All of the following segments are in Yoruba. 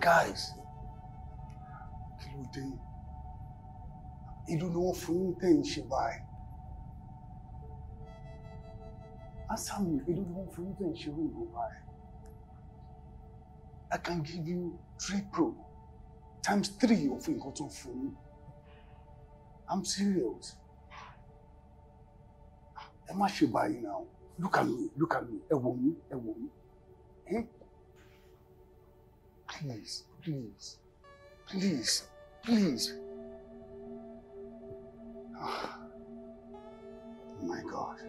guys kí ló dé ìlú ni wọ́n fún yín tẹ̀ ń ṣe báyìí asamu ìlú ni wọ́n fún yín tẹ̀ ṣe báyìí I can give you three pro times three of nǹkan tó fún yín I'm serious ẹ má ṣe báyìí náà look at me look at me ẹ wò mí ẹ wò mí. Eh? Please, please, please, please. Ah, oh, my God.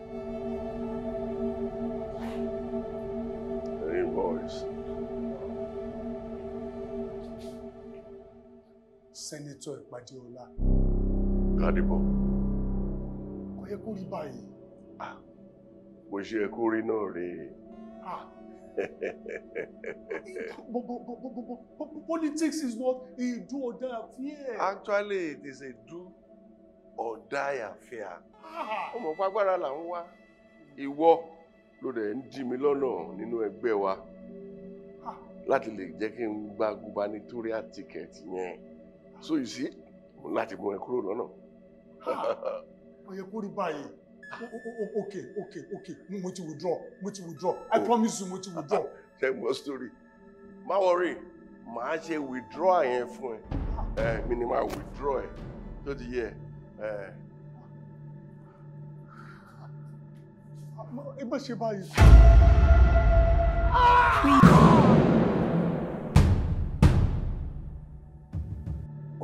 Hey, boys. Senator Ìpàdéọlá. Gbadebo. Kò yẹ kó rí báyìí. Ah, bó ṣe yẹ kó but, but, but, but, but, but politics is not a do or die affair. Actually, it is a do or die affair. Ó mọ̀ pé agbára là ń wá. Ìwọ ló dẹ̀ ń dí mi lọ́nà nínú ẹgbẹ́ wa ah. láti lè jẹ́ kí n gba gubernatorial ticket yẹn. So you see, láti mú ẹ kúrò lọ́nà. Ah. Ó yẹ báyìí. Oh, oh, oh, okay okay okay mo ti withdraw mo ti withdraw i promise you mo ti withdraw. ṣe gbọ́ story Ma worry, ma ṣe withdraw yẹn Minimal withdraw. ẹ mi ni màá withdraw ẹ tó ti yẹ ẹ. ẹ má ṣe báyìí.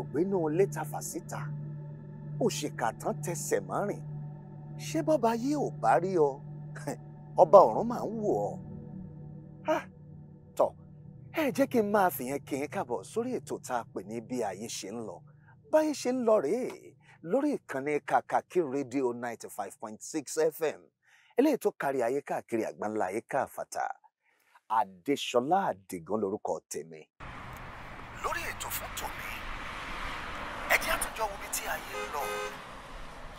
ọ̀gbẹ́ni lẹ́tà fàṣítà òṣèkà tán tẹsẹ̀ márìn ṣé bọ́ba yé ò bá rí ọ ọba ọ̀run máa ń wò ọ. tọ ẹ jẹ́ kí n máa fìyẹn kí n káàbọ̀ sórí ètò tá a pè ní bí ayé ṣe ń lọ báyé ṣe ń lọ rèé lórí ìkànnì kàkàkí rédíò ninety five point six fm eléyìí tó kárí ayé káàkiri àgbáńlá ayé káàfàtà adéṣọlá àdìgán lórúkọ tèmi. lórí ètò fún tòní ẹ jẹ́ àtúnjọ wo bí tí ayé ń lọ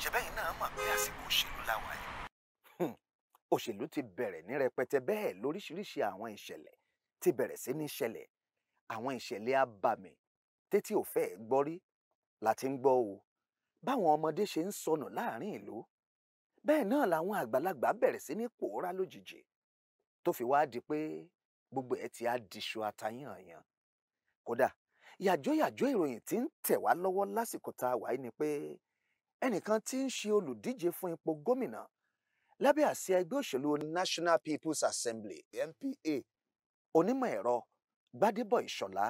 ṣẹbẹ́yìn náà mọ̀ pé àsìkò òṣèlú làwà yìí. Hmm. òṣèlú ti bẹ̀rẹ̀ ní rẹpẹtẹ bẹ́ẹ̀ lóríṣiríṣi àwọn ìṣẹ̀lẹ̀ ti bẹ̀rẹ̀ sí ní ṣẹlẹ̀ àwọn ìṣẹ̀lẹ̀ abàmì tètè ò fẹ́ gbọ́ rí láti ń gbọ́ o báwọn ọmọdé ṣe ń sọnù láàrin ìlú bẹ́ẹ̀ náà làwọn àgbàlagbà bẹ̀rẹ̀ sí ní pòórá lójijì tó fi wá di pé gbogbo ẹ̀ ti á diṣu atayànyàn kódà yàjóyàjó ìròyìn tí ń tẹ̀ wá lọ́wọ́ lásìkò tá a wà ní pé ẹnìkan tí ń ṣe olùdíje fún ipò gómìnà lábẹ́ àsíá ẹgbẹ́ òṣèlú National People's Assembly NPA onímọ̀ ẹ̀rọ Gbádébọ̀ Ìṣọ̀lá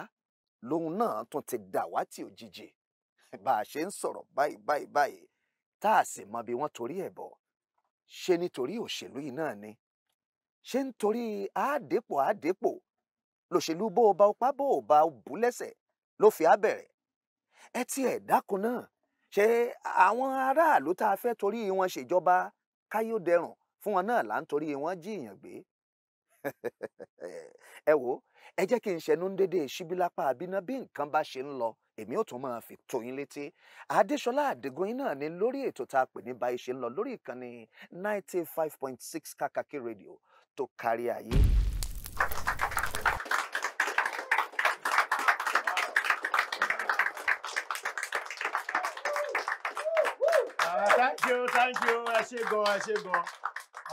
lòun náà tún ti dàwátì òjijì bá a ṣe ń sọ̀rọ̀ báyìí báyìí báyìí tá a sì mọ bí wọ́n torí ẹ̀ bọ̀ ṣe nítorí òṣèlú yìí náà ni ṣé nítorí àádépò àádépò lòṣèlú bó o bá o pa bó o bá o bú lẹ́sẹ̀ ló fi á bẹ̀rẹ̀ ẹ tiẹ̀ dákun náà ṣé àwọn aráàlú tá a fẹ́ torí wọn ṣèjọba káyọ̀dẹrùn fún wọn náà là ń torí wọn jíìyàn gbé ẹ wo ẹ jẹ́ kí n ṣẹnu ń dédé ṣíbílápá àbíná bí nǹkan bá ṣe ń lọ èmi ò tún máa fi tó yín létí adéṣọlá àdìgún yín náà ni lórí ètò tá a pè ní báyìí ṣe ń lọ lórí ìkànnì ninety five point six kákàkí rédíò tó kárí ayé. you thank you ẹ ṣé gan ẹ ṣé gan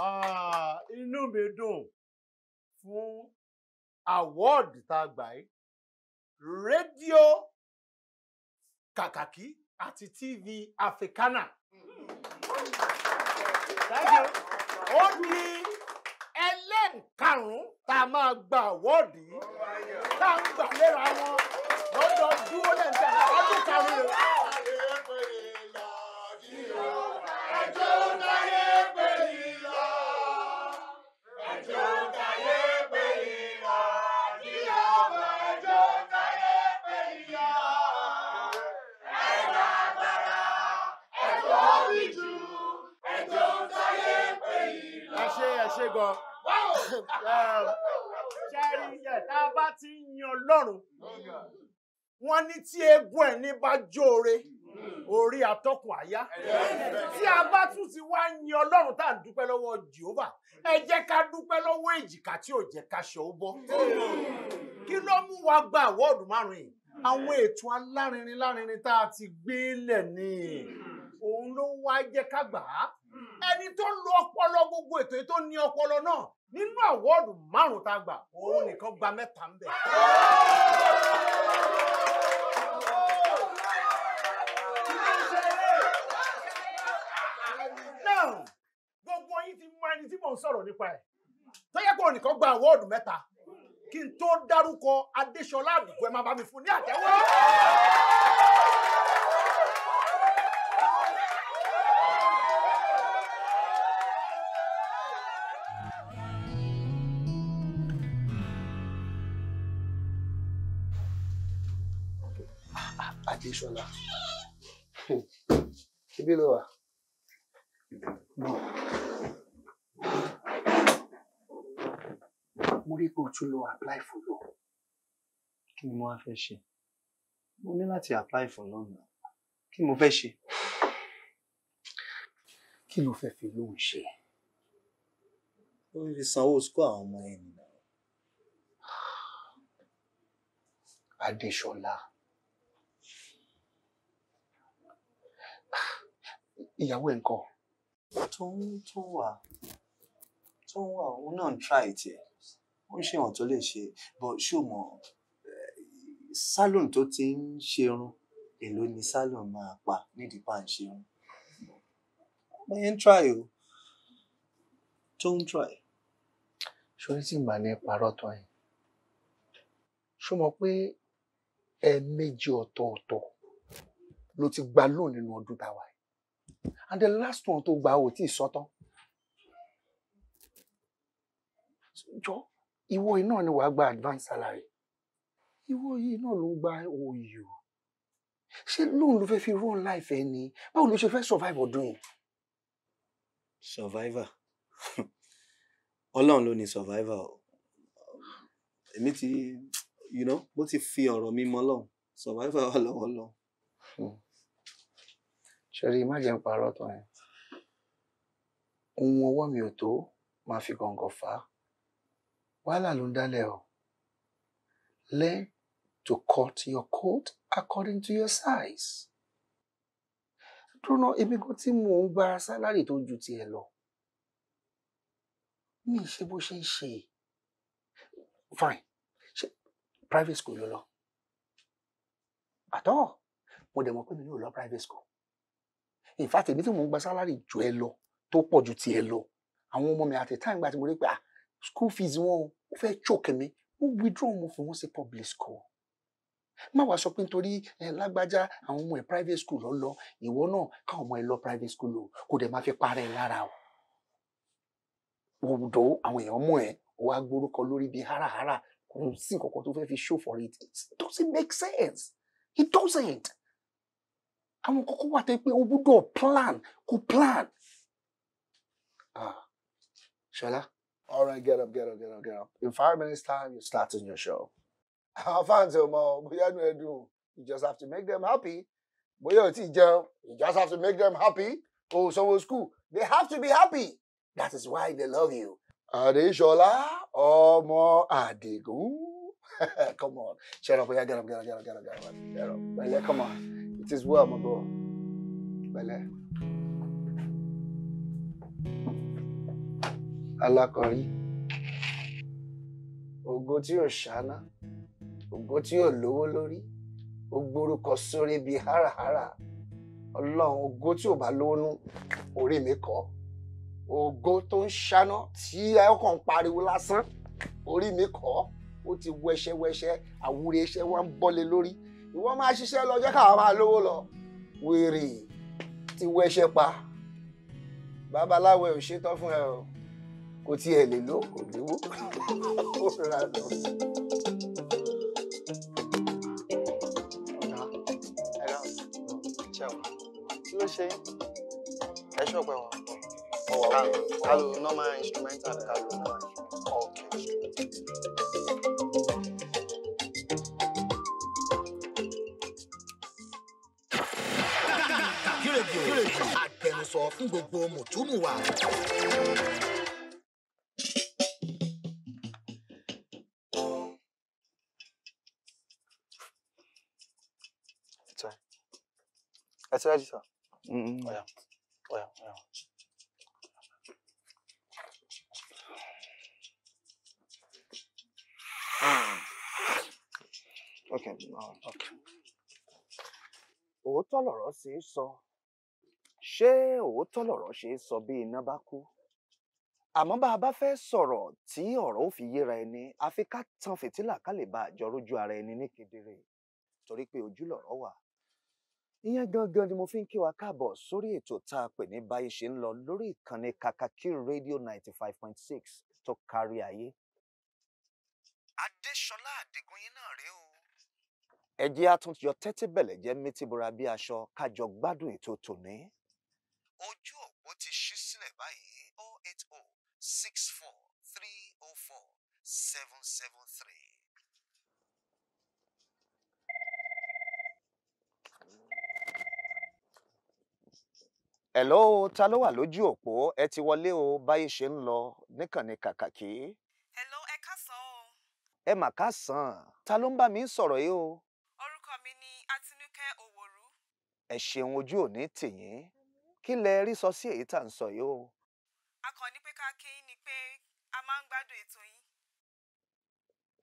ah, inú mi dùn fún award tá a gbà yìí rédíò kàkàkí àti tv africana thank you ó ní ẹlẹ́nkarùn-ún tá a máa gba àwọ́ọ̀dì yìí tá a ń gbà léra wọn lọ́dọọdún ó lẹ́ǹkan ọdún karùn-ún. ṣẹ́rí yẹ tá a bá ti ń yan Ọlọ́run wọ́n ní tí eégún ẹni bá jóore orí atọ́kùn àyá tí a bá tún ti wá yan Ọlọ́run tá à ń dúpẹ́ lọ́wọ́ Jehovah ẹ jẹ́ ká dúpẹ́ lọ́wọ́ èjìká tí ò jẹ́ ká ṣọ́ bọ́ kí ló mú wa gba àwọ́ọ̀dù márùn-ún yìí àwọn ètò alárinrin lárinrin tá a ti gbé lẹ̀ ni òun ló wá jẹ́ ká gbà á ẹni tó lo ọpọlọ gbogbo ètò yìí tó ní ọpọlọ náà nínú àwọ́ọ̀dù márùn ta tá gbà òun nìkan gba mẹ́ta ń bẹ̀. gbogbo yín ti mọ ẹni tí mò ń sọ̀rọ̀ nípa ẹ̀ tó yẹ nìkan gba àwọ́ọ̀dù mẹ́ta kí n tó dárúkọ Adéṣọlá Àdìgún ẹ má bá mi fún ní àtẹ́wọ́. Adéṣọlá ibi ló wà. mo rí pé o tún lọ apply for lọ. kí ni mo wá fẹ́ ṣe mo ní láti apply for lọ́nà kí ni mo fẹ́ ṣe. kí ló fẹ́ fi lóhùn ṣe. ó ń fi sanwó sukú àwọn ọmọ ẹni náà. Adéṣọlá. ìyàwó ẹ̀ ńkọ́. tóun tó wà tóun wà òun náà ń try tiẹ̀ ó ń ṣèwọ̀n tó lè ṣe but ṣó mọ̀ eh, salon tó ti ń ṣerun èló ni salon máa pa nídìí pa ń ṣerun. mo ń try o tó ń try. ṣorí tí màá ní parọ́ tán yìí ṣó mọ̀ pé ẹ̀ẹ̀mejì ọ̀tọ̀ọ̀tọ̀ ló ti gba lóun nínú ọdún táwa yìí and the last one tó gbà ò tí ì sọtán jọ ìwọ yìí náà ni wàá gba advance salary ìwọ yìí náà ló ń gba òòyì o ṣé lóun ló fẹ́ fi run life ẹ ni báwo ló ṣe fẹ́ survive ọdún survivor ọlọ́run ló ní survivor èmi ti you know bó ti fi ọ̀rọ̀ mi mọ́ lọ́hùn survivor wà lọ́wọ́ ṣẹ́rí má jẹ́ ń parọ́ tán yẹn ohun ọwọ́ mi ò tó máa fi gọ̀ǹgọ̀ fà á wàhálà ló ń dálẹ̀ o learn to cut your coat according to your size dúró ebi kan tí mò ń gba sálárì tó ju tiẹ̀ lọ mi ṣe bó ṣe ń ṣe fine ṣe private school ló lọ àtọ́ mo dẹ̀ mọ̀ pé mi ò lọ private school in fact èmi tí mò ń gba sálárì ju ẹ lọ tó pọ̀ ju tiẹ̀ lọ àwọn ọmọ mi àti táìmù gba mo rí pé ah school fees wọn ò fẹ́ choke mi mo withdraw mo fi wọn sí public school má wàá sọ pé nítorí ẹ lágbájá àwọn ọmọ ẹ private school lọ lọ ìwọ náà káwọn ọmọ ẹ lọ private school o kò dẹ̀ máa fi parẹ́ ẹ lára o òdò àwọn èèyàn mọ̀ ẹ́ wàá gborúkọ lórí bíi hárahára kò sí nǹkan kan tó fẹ́ fi show for it it doesn't make sense it doesn't àwọn kókó wà tẹ́ pé o gbúdọ̀ plan kò plan. Ah, ṣọlá. all right get up get up get up get up in five minutes time you're starting your show. àwọn fans ò oh, mọ oh, bóyá inú ẹ you just have to make them happy bóyá ò tí ì jẹun you just have to make them happy o sanwó school they have to be happy that is why they love you. Adéṣọlá ọmọ Àdìgún come on shut up bóyá get up get up get up get up get up get up well come on. It is well, my boy. Pẹ̀lẹ́. Alákọ̀rí. Ògo tí ò ṣáná. shana. tí ò lówó lórí. Ó gbórúkọ sórí bíi háràhárà. Ọlọ́run ògo tí ò bá lówó nú orí mi kọ́. Ògo tó ń ṣáná tí ẹ kàn pariwo lásán orí mi kọ́ ó ti wẹṣẹwẹṣẹ àwúre iṣẹ́ wa ń bọ́lé lórí ìwọ máa ṣiṣẹ́ lọ jẹ́ káwa máa lówó lọ wèrè ti wọ ẹṣẹ pa babaláwo ẹ ò ṣetán fún ẹ o kò tiẹ̀ lè ló kò lówó ó rà lọ. kí ló ṣe wọn kalu normal instrumental kalu normal instrumental. sọ fún gbogbo mùtúmùwà. ẹ mm-hmm. mm. um. òótọ́ lọ̀rọ̀ ṣe sọ ṣé òótọ́ lọ̀rọ̀ ṣe é sọ bí iná bá kú àmọ́ bá a bá fẹ́ sọ̀rọ̀ tí ọ̀rọ̀ ò fi yéra ẹni àfi ká tan fìtílà ká lè bá àjọ rójú ara ẹni ní kedere torí pé ojú lọ̀rọ̀ wà ìyẹn gangan ni mo fi ń kí wa káàbọ̀ sórí ètò tá a pè ní báyìí ṣe ń lọ lórí ìkànnì kakaki radio ninety five point six tó kárí ayé. adéṣọlá àdìgúnyín náà rèé o. ẹ jẹ́ àtúntò yọ tẹ́tí bẹ̀lẹ̀ jẹ́ mẹ́tìbọra bí aṣọ kájọ gbádùn ètò tòní ojú òpó ti ṣí sílẹ̀ báyìí o oh eight o oh, six four three o oh four seven seven three. hello ta ló wà lójú òpó ẹ ti wọlé o báyìí ṣe ń lọ níkànnì kàkàkí. hello ẹ San. o. ẹ mà kásán ta ló ń bá mi sọ̀rọ̀ yìí o. orúkọ mi ni Àtinúkẹ́ Òwòrú. ẹ ṣeun ojú ò ní tì kí lẹ rí sọ sí èyí tá à ń sọ yìí o. akọni pé ká kí ni pé a máa ń gbádùn ètò yín.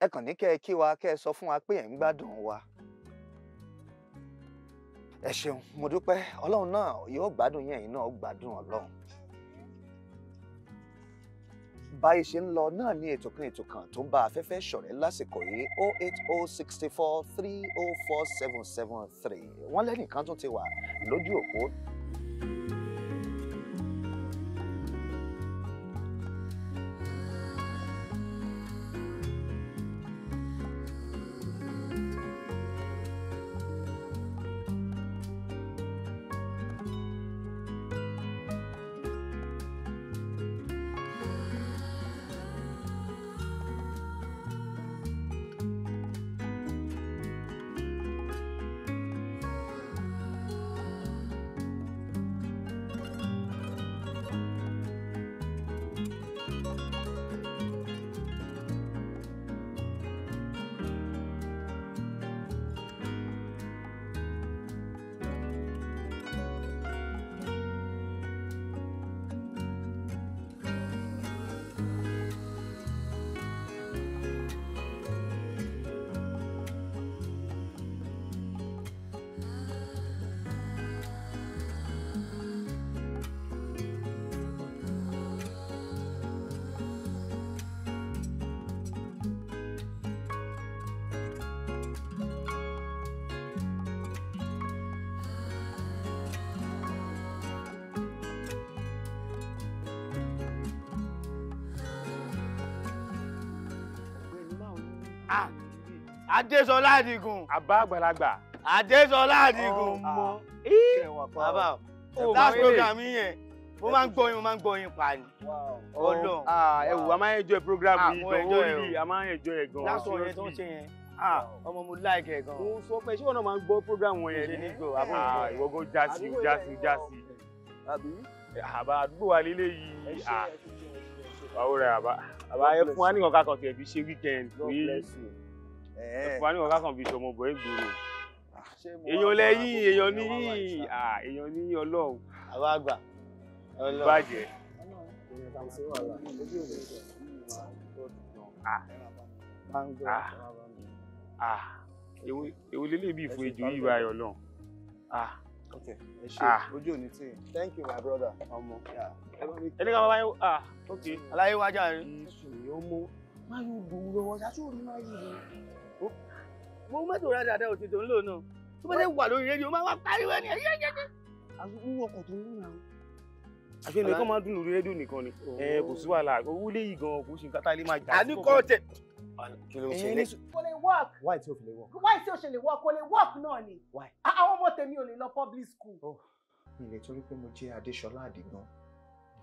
ẹ kàn ní kẹ́ ẹ kí wa kẹ́ ẹ sọ fún wa pé ẹ ń gbádùn wa. ẹ ṣeun mo dúpẹ́ ọlọ́run náà yóò gbádùn yín ẹ̀yin náà gbádùn ọlọ́run. báyìí ṣe ń lọ náà ní ètò kan ètò kan tó ń bá afẹ́fẹ́ ṣọ̀rẹ́ lásìkò yìí o oh eight o oh sixty four three o oh four seven seven three wọ́n lẹ́nìkan tún ti wà lójú òpó Àdìgún. Àbá àgbàlagbà. Àdésọlá Àdìgún. Ọmọ. Ah. Bàbá o, last program yín yẹn, mo máa ń gbọ́ yín, mo máa ń gbọ́ yín pa ni. Ọlọ́run. Oh, ah, ẹ wò, a máa ń enjoy program ah, yìí, ìdánwò yìí, a máa ń enjoy ẹ̀ gan. Lásán yẹn tó ń ṣe yẹn ọmọ mo like ẹ gan. mo sọ pé ṣé wọn náà máa ń gbọ́ program wọn yẹn ní gbò àbúrò ìwọ gan jásí jásí jásí. àbá àdúgbò wa lílé yìí àwòrán àbá àbá ẹ fún wa nìkan ká kàn tiẹ̀ fi ṣe weekend. God bless you ẹ̀fọ́ ní ọ̀gá kan fi ṣọmọ bọ̀ ẹ́ gbòòrò ah, èèyàn lẹ́yìn èèyàn ní èèyàn ní ọlọ́run àwọn àgbà ọlọ́run bàjẹ́. èwo lélẹ̀ bí ìfún ejò yìí wáyọ̀ lọ́n. Okay, ojú òní tí thank you my brother ọmọ ẹni ká bàbá yóò ah ok aláyé rẹ. ìṣòro ọmọ máa yóò dùn lọ́wọ́ ṣáṣó rí máa dùn mo mọ́tò ra dáadáa òtún tó ń lò náà tó bá dé wà lórí rédíò máa wá pariwo ni ẹyẹ jẹjẹ. àwọn ọkọ̀ tó ń lò náà. àṣé nìkan máa ń dùn lórí rédíò nìkan ni oh. ẹ kò sí wàhálà owó lè yí gan-an kò sí nǹkan tá a lè máa jà. àdúkọ tẹ. kí ló ń ṣẹlẹ̀. kò lè work. why tí o fi lè work. why tí o ṣe lè work kò lè work náà ni. why. àwọn ọmọ tèmi ò lè lọ public school. oh ilẹ̀ torí pé mo jẹ́ Adéṣọlá Àdìgán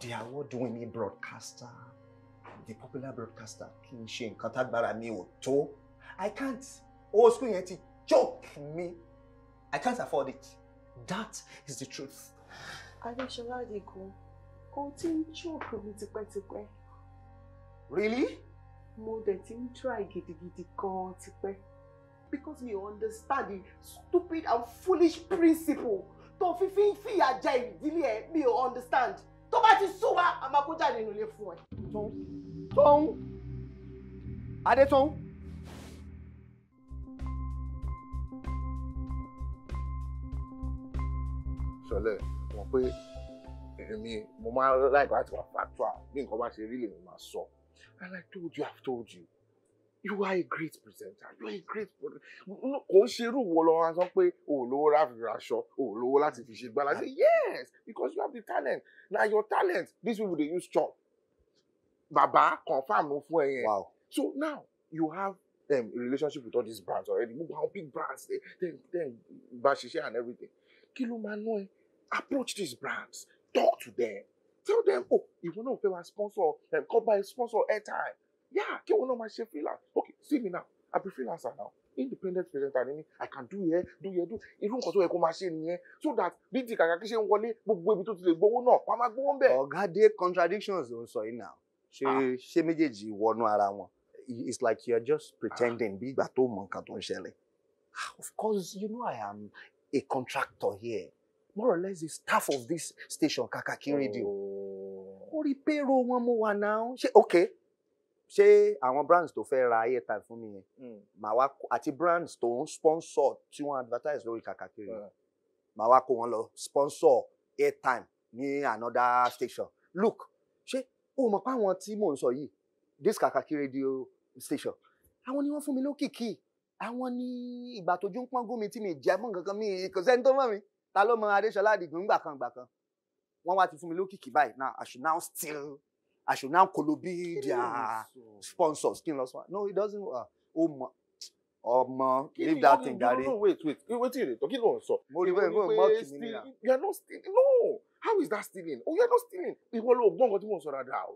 the award winning broadcaster the popular broadcaster kì í ṣe nǹkan tágbára mi ò tó I can't owó school yẹn joke me I can't afford it that is the truth. Adéṣọlá Adigun o me to choke to tipẹ́tipẹ́. Really? Mo dẹ̀ ti ń try gidigidi gan-an tipẹ́ because mi understand the stupid and foolish principle tó fi fi ń fìyà jẹ Dilie, ẹ mi ò understand tó bá ti sún wa a máa kó jáde nílé fún ẹ. Tóun Tóun Adétóun. sọlẹ̀ mọ̀ pé èmi mo máa like láti wà factual bí nǹkan bá ṣe rí lèmi máa sọ and I told you I have told you you are a great presenter you are a great kò ń ṣe irú wo lọ́wọ́ sọ pé o ò lówó láti fi aṣọ o ò lówó láti fi ṣe gbala say yes because you have the talent na your talent these people dey use chop baba confam fún ẹ yẹn so now you have um, relationship with all these brands already gbogbo àwọn big brands dem eh, dem bá ṣiṣẹ́ and everything kí ló máa ná ẹ approach these brands, talk to them, tell them, oh, ìwọ náà fẹ́ my sponsor, um, come a sponsor airtime. Yeah, kí ìwọ náà my ṣe freelance. Okay, see me now, I be freelancer now. Independent presenter ni mí, I can do here, do here, do Even nǹkan tó yẹ kó máa ṣe so that bí ti kàkà kí ṣe ń wọlé gbogbo ibi tó ti lè gbowó náà wàá máa gbowó ń bẹ̀. Ọ̀gá dé contradictions ló ń sọ she náà ṣé ah. ṣé méjèèjì wọnú ara wọn it's like you're just pretending Be ìgbà tó mọ Don't tó ń ah, Of course, you know I am a contractor here more or less the staff of this station kakaki radio orí oh. pérò wọn mo wà náà ṣe ok ṣé àwọn brands tó fẹ́ ra airtime fún mi yẹn hmm. màá wá àti brands tó ń sponsor tí wọ́n advertise lórí kakaki radio hmm. màá wá kó wọn lọ sponsor airtime ní another station look ṣé o mọ̀ pé àwọn tí mò ń sọ yìí this kakaki radio station àwọn ni wọ́n fún mi lókìkí àwọn ní ìgbà tójú ń pọ́n gómi tí mi jẹ́ mọ́ nǹkan kan mi kò sẹ́ni tó mọ̀ mi ta ló mọ adéṣọlá àdìgún gbà kan gbà kan wọ́n wá ti fún mi lókìkí báyìí now i should now still i should now kolobi their sponsor. kí n one? no it doesn't work ah, ó mọ ọmọ leave that thing jare. kí no wait wait wetin you dey talk kí ló ń sọ. mo rí bẹ́ẹ̀ mo mọ kì you are not stealing no how is that stealing oh you are not stealing ìwọ ló gbọ́ nǹkan tí mò ń sọ dáadáa o.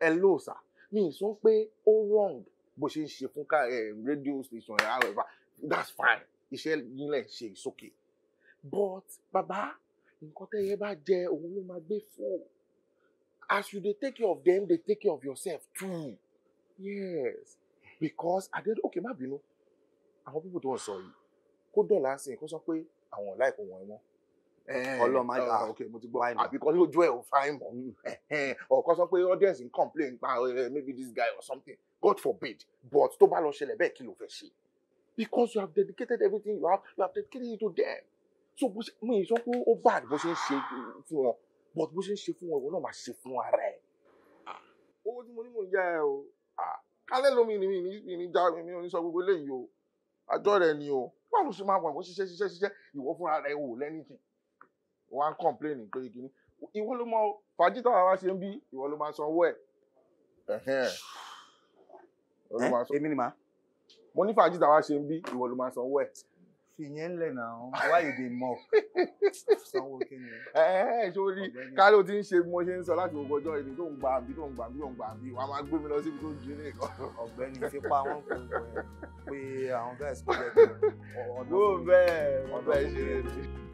ẹ ló sà mi ì sọ pé ó wrong bó ṣe ń ṣe fún eh, radio station however that's fine iṣẹ́ yín lẹ̀ ṣe it's okay but baba nǹkan tẹ́yẹ bá jẹ òun ló máa gbé fún as you dey take care of them dey take care of yourself too yes because àdéhùn òkè má bínú àwọn pípò tó ń sọ yìí kó dọ̀là sí i kó sọ pé àwọn ọ̀la ìkó wọn wọn ọlọ́mọ ah ok mo ti gbọ́ àbí kan lójú ẹ̀ ò fáìn mọ́ ọ̀kan sọ pé audience ń complain pa eh, maybe this guy or something God forbid but tó bá lọ ṣẹlẹ̀ bẹ́ẹ̀ kí ló fẹ́ ṣe because you have dedicated everything you have you have dedicated it to them so bó ṣe mi ì sọ pé ó bad bó ṣe ń ṣe fún wọn but bó ṣe ń ṣe fún wọn ìwọ náà máa ṣe fún ara ẹ. owó tí mo ní mò ń yá ẹ o kálẹ̀ lómi ni mi ní já mi ní sọ gbogbo eléyìí o àjọ rẹ ni o báwo ló ṣe máa wà wọ́n ṣiṣẹ́ ṣiṣẹ́ ṣiṣẹ́ ìwọ fúnra rẹ ò lẹ́nìtì wọ́n á ń kọ̀ǹpléènì pé ìwọ ló mọ fàájì táwa wá ṣe ń bí ìwọ ló máa sanwó ẹ̀ èmi ni màá. mo ní fàájì táwa ṣe ń bí ìwọ ló máa sanwó ẹ̀ fi náà why you dey mock sanwó kíni. ẹ ẹ sórí kálọ̀ tí ń ṣe mo ṣe ń sọ láti gbogbo ọjọ́ ìdí tó ń gbà bí tó ń gbà bí tó ń gbà bí wàá máa gbé mi lọ síbi tó ń jí ní ìkan. ọ̀gbẹ́ni fipá wọn kò pé àwọn bẹ́ẹ̀ sí pé ọdún bẹ́ẹ̀ ọdún bẹ́ẹ̀ ṣe é.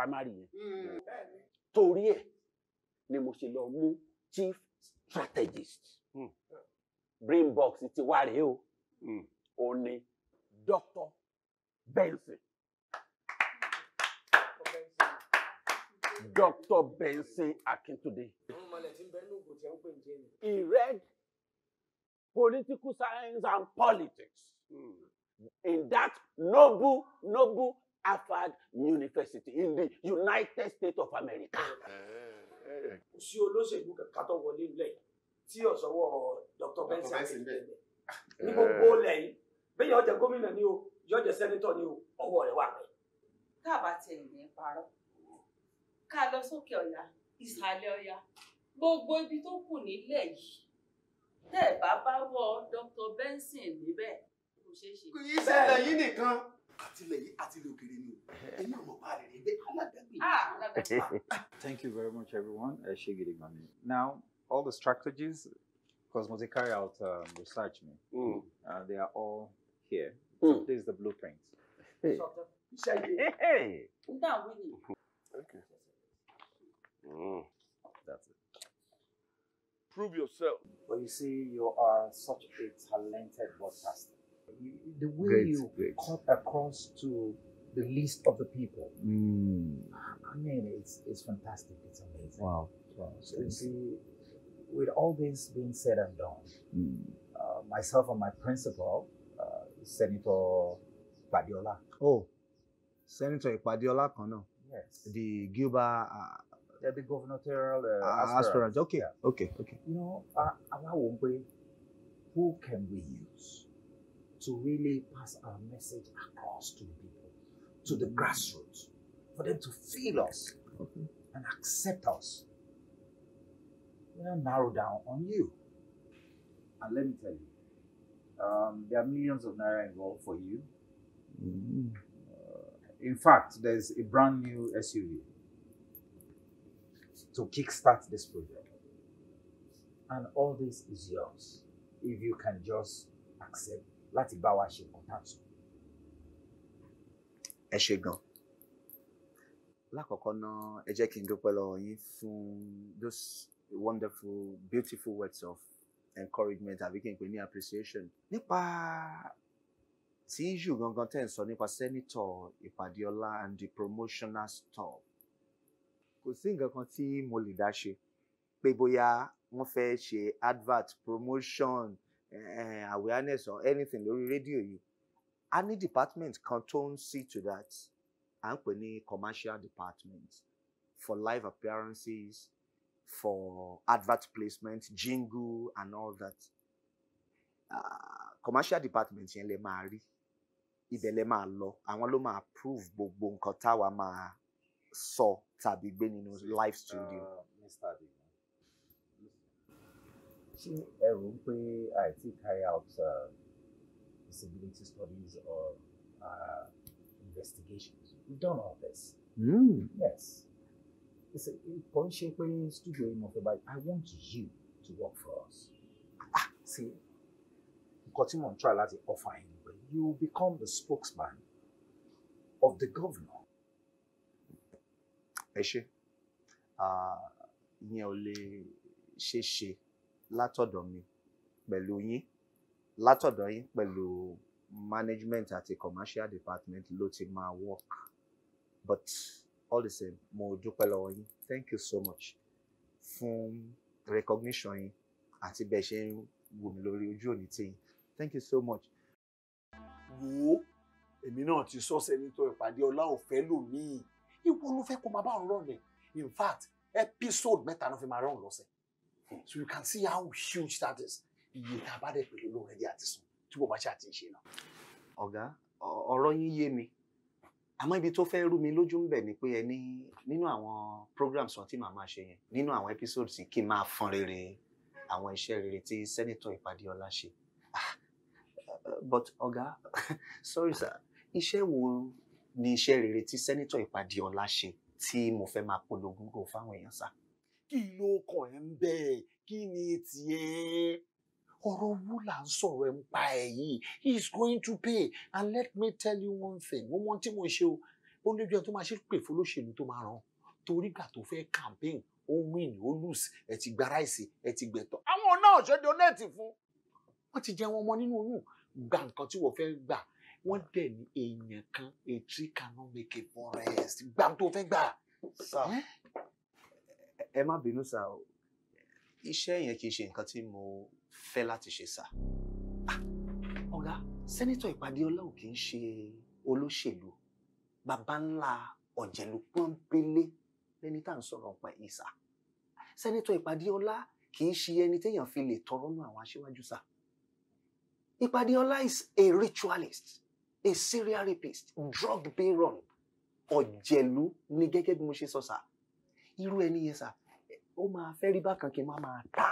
primary yẹn mm. torí ẹ̀ ni mo ṣe lọ mú chief strategist mm. brain box ti wá rèé o ò hmm. ní Doctor Benson. Dr. Benson Akintunde. He read political science and politics mm. in that noble, noble Harvard University in the United States of America. kò sí olóṣèlú kankan tó wọlé lẹ̀ tí ọ̀sọ́wọ́ Dr. Benson ní gbogbo lẹ́yìn bẹ́ẹ̀ yọ̀ọ́ jẹ́ gómìnà ni o yọ̀ọ́ jẹ́ sẹ́nitọ̀ ni o ọwọ́ rẹ̀ wà pẹ́. tá a bá tiẹ̀ ní parọ́ ká lọ sókè ọ̀yà ìsàlẹ̀ ọ̀yà gbogbo ibi tó kù nílẹ̀ yìí tẹ́ bá wọ Dr. Benson níbẹ̀ kò ṣeé ṣe. kì í nìkan Eh. Ah, Thank you very much everyone Now all the strategies Cosmote carry out um, research me mm. uh, they are all here. Mm. This is the blueprint. Hey. Hey. Hey. Okay. Mm. That's it. Prove yourself. Well, you see, you are such a talented broadcaster the way great, you great. across to the list of the people. Mm. I mean, it's it's fantastic. It's amazing. Wow. wow. So you see, with all this being said and done, mm. uh, myself and my principal, uh, Senator Padiola. Oh, Senator Padiola, no? Yes. The Guba. Uh, yeah, the gubernatorial uh, uh, aspirant. Okay. Yeah. okay, okay, okay. You know, uh, who can we use? to really pass our message across to the people, to the grassroots, for them to feel us okay. and accept us. We'll narrow down on you. And let me tell you, um, there are millions of naira involved for you. Mm uh, in fact, there's a brand new SUV to kickstart this project. And all this is yours if you can just accept láti bá wa ṣe nǹkan tá à ń sọ. ẹ ṣe gan lákọ̀ọ́kọ́ náà ẹ jẹ́ kí n dúpẹ́ lọ́wọ́ yín fún those wonderful beautiful words of encouragement àbí kí n pè ní appreciation nípa tí yù gangan tẹ́ ń sọ nípa sẹ́nitọ̀ Ìpàdéọlá and the promotional stuff kò sí nǹkan kan tí mo lè dá ṣe pé bóyá wọ́n fẹ́ ṣe advert promotion Eh, awareness or anything lórí radio, yìí a department kan tó ń see to that à ń pè ní commercial department for live appearances for advert placement jingle and all that uh, commercial department yẹn lè máa rí ibẹ̀ lè máa lọ àwọn ló máa approve gbogbo nǹkan táwa máa sọ tàbí gbé nínú live studio. Uh, ṣé ẹ rò ó pé àìtí carry out uh, disability studies or uh, investigations we don't know this. Mm. yes it's a kò ń ṣe pé studio yìí mo fẹ́ báyìí i want you to work for us. ah see nǹkan tí mò ń try láti offer him, but you become the spokesman of the governor. ẹ ṣe ah, ìyẹn ò lè ṣeé ṣe látọ̀dọ̀ mi pẹ̀lú yín látọ̀dọ̀ yín pẹ̀lú management àti commercial department ló ti máa work but all the same mo dúpẹ́ lọ́wọ́ yín thank you so much fún recognition yín àti bẹ́ẹ̀ ṣe ń wò mí lórí ojú òní tí thank you so much. wo èmi náà ti sọ sẹ́nitọ́ ìpàdé ọlá òfẹ́ lòmíì ìwọ ló fẹ́ kó máa bá ọ̀rọ̀ rẹ̀ in fact episode mẹ́ta ló fi máa rán lọ́sẹ̀ so you can see how huge that is iye tá a bá dẹ̀ pẹ̀lú olóore dé àti sùn tí wọ́n bá ṣe àti ìṣe náà. ọ̀gá ọ̀rọ̀ yín yé mi àmọ́ ibi tó fẹ́ rú mi lójú ń bẹ̀ ni pé ẹ ní nínú àwọn programs wọn tí màá máa ṣe yẹn nínú àwọn episodes kí n máa fọn rere àwọn iṣẹ́ rere tí sẹ́nitọ̀ Ìpàdéọlá ṣe ah, but ọ̀gá sorry sir iṣẹ́ wo ni iṣẹ́ rere tí sẹ́nitọ̀ Ìpàdéọlá ṣe tí mo fẹ́ máa polongo fáwọn èèyàn sá kí ló kàn ẹ́ ń bẹ̀ kí ni tiẹ̀ ọ̀rọ̀ owó là ń sọ̀rọ̀ ẹ̀ ń pa ẹ̀ yìí he is going to pay and let me tell you one thing mo mọ tí mo ṣe o ó lójú ẹ tó máa ṣe pè fún olóṣèlú tó máa ràn torí gbà tó fẹ́ campaign ó win ó lose ẹ ti gba ráìsì ẹ ti gbẹ̀tọ̀ àwọn náà ṣe donate fún wọ́n ti jẹ wọn mọ nínú oyún gba nǹkan tí wọ́n fẹ́ gbà wọ́n dẹ̀ ní èèyàn kan a tree cannot make a forest gbà tó fẹ́ gbà ẹ má bínú sá o iṣẹ́ yẹn kì í ṣe nǹkan tí mo fẹ́ láti ṣe sá. Ah, ọ̀gá sẹ́nítọ̀ ìpàdé ọlá ò kì í ṣe olóṣèlú bàbá ńlá ọ̀jẹ̀lú pọ́ńbélé lẹ́ni tá à ń sọ̀rọ̀ ọ̀pá yìí sá. sẹ́nítọ̀ ìpàdé ọlá kì í ṣe ẹni téèyàn fi lè tọrọ nù àwọn aṣíwájú sá. ìpàdé ọlá is a ritualist a serial rapist drug baron ọ̀jẹ̀lú ni gẹ́gẹ́ bí mo ṣe sọ sá. irú ẹni yẹn sá ó máa fẹ́ rí bákan kí n má máa tà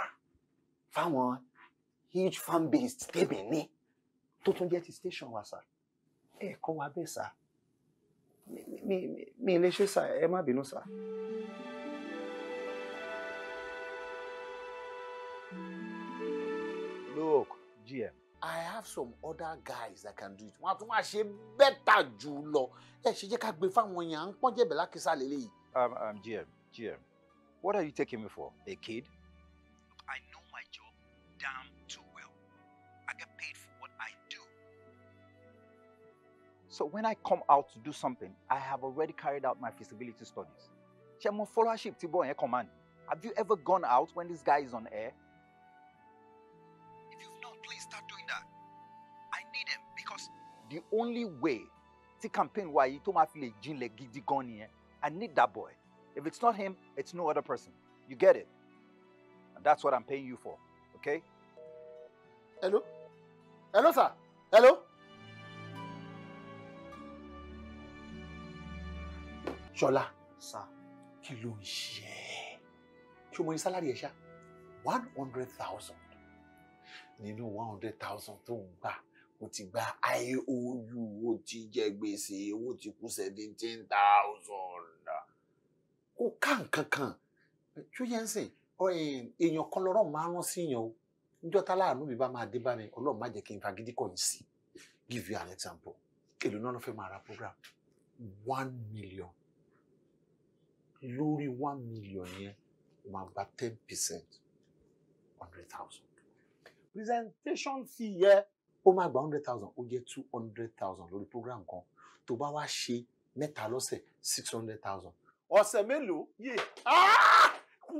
fáwọn huge fan base tèmi ní tó tún jẹ́ ti station wa sà ẹ kọ́ wa bẹ́ẹ̀ sà mi mi lè ṣe sà ẹ má bínú sà. look gm. I have some other guys that can do it. Wọ́n á tún máa ṣe bẹ́tà jù lọ. Ẹ ṣe jẹ́ ká gbé fáwọn èèyàn à ń pọ́n jẹ̀bẹ̀ lélẹ́yìí. GM um, um, GM What are you taking me for? A kid? I know my job damn too well. I get paid for what I do. So when I come out to do something, I have already carried out my feasibility studies. Chairman followership, Tibo and command. Have you ever gone out when this guy is on air? If you've not, please start doing that. I need him because the only way to campaign why you told my gidi I need that boy. If it's not him, it's no other person. You get it? And that's what I'm paying you for, okay? Hello? Hello, sir? Hello? Shola, Sir. Kí ló ń ṣe salary, Ṣé o mọ ní sálárì ẹ̀ ṣá? One hundred thousand. Nínú one hundred thousand tó ń gbà, o ti gba IOU, o ti jẹ gbèsè, owó ti thousand kò ká nǹkan kan tó yẹn ń sìn èèyàn kan lọ́rọ̀ máa rán sí èèyàn o níjọ́ tá láàánú mi bá máa dé bá mi ọlọ́run má jẹ́ kí n fagídí kọ̀ yín sí give you an example èlò náà ló fẹ́ máa ra program one million lórí one million yẹn máa gba ten percent hundred thousand presentation fee yẹ o máa gba hundred thousand O jẹ́ two hundred thousand lórí program kan tó bá wá ṣe mẹ́ta lọ́sẹ̀ six hundred thousand ọ̀sẹ̀ mélòó yé ah!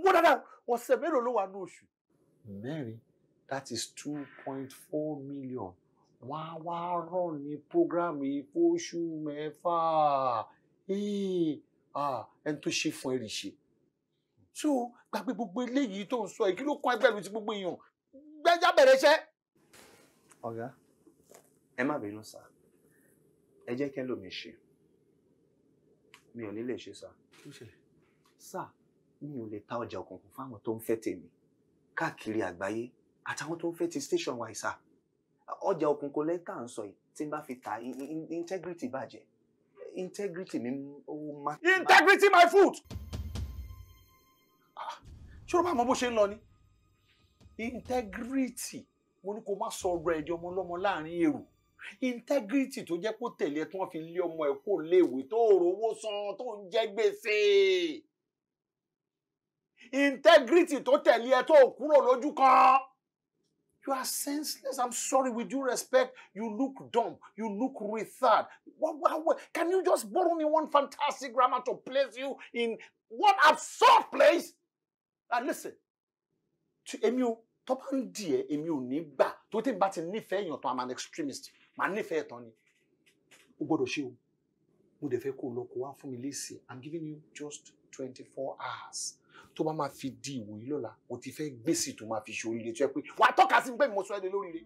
wọ́n dáadáa ọ̀sẹ̀ mélòó ló wà ní oṣù. mẹ́rin that is two point four million wọ́n á wá rán ní programu ìfọ́ṣù mẹ́fà ah, ẹni tó ṣe fún ẹ̀rì ṣe. so gbàgbé gbogbo eléyìí tó ń sọ yìí kí ló kún ẹgbẹ́ mi ti gbogbo èèyàn gbẹ́jà bẹ̀rẹ̀ iṣẹ́. ọ̀gá ẹ má bínú sá ẹ jẹ́ kẹ́lòmí ṣe mi ò ní lè ṣe sá. sá mi ò lè ta ọjà òkùnkùn fáwọn tó ń fẹ́ tèmi káàkiri àgbáyé àtàwọn tó ń fẹ́ ti station wa ìsà ọjà òkùnkùn lẹ́tà ń sọ yìí tí n bá fi ta integrity bàjẹ́ integrity mi ó má. integrity my foot. Ah, ṣé o máa mọ bó ṣe ń lọ ni integrity mo ní kó má sọ ọ̀rọ̀ ẹ̀dẹ̀ ọmọ ọlọ́mọ láàrin èrò integrity tó jẹ́ kó tẹ̀lé tí wọ́n fi lé ọmọ ẹ̀ kó léèwé tó rówó san tó ń jẹ gbèsè integrity tó tẹ̀lé ẹ tó kúrò lójú kan. You are senseless. I'm sorry, with due respect, you look dumb. You look withered. What, what, what? Can you just borrow me one fantastic grammar to place you in one absurd place? And listen, to emu, o, tó bá ń di ẹ, Emi ò ní gbà, tó tí n bá ti nífẹ̀ẹ́ èèyàn tó, I'm an extremist màá nífẹ̀ẹ́ tán ni o gbọ́dọ̀ ṣe o mo dẹ̀ fẹ́ kó o lọ wá fún mi lésì i'm giving you just twenty four hours tó bá máa fi di ìwòyí lọ́la o ti fẹ́ gbèsè tó máa fi ṣe oríire tó yẹ pé wàá tọ́ka sí pé mo sọ ẹ́ lóríire.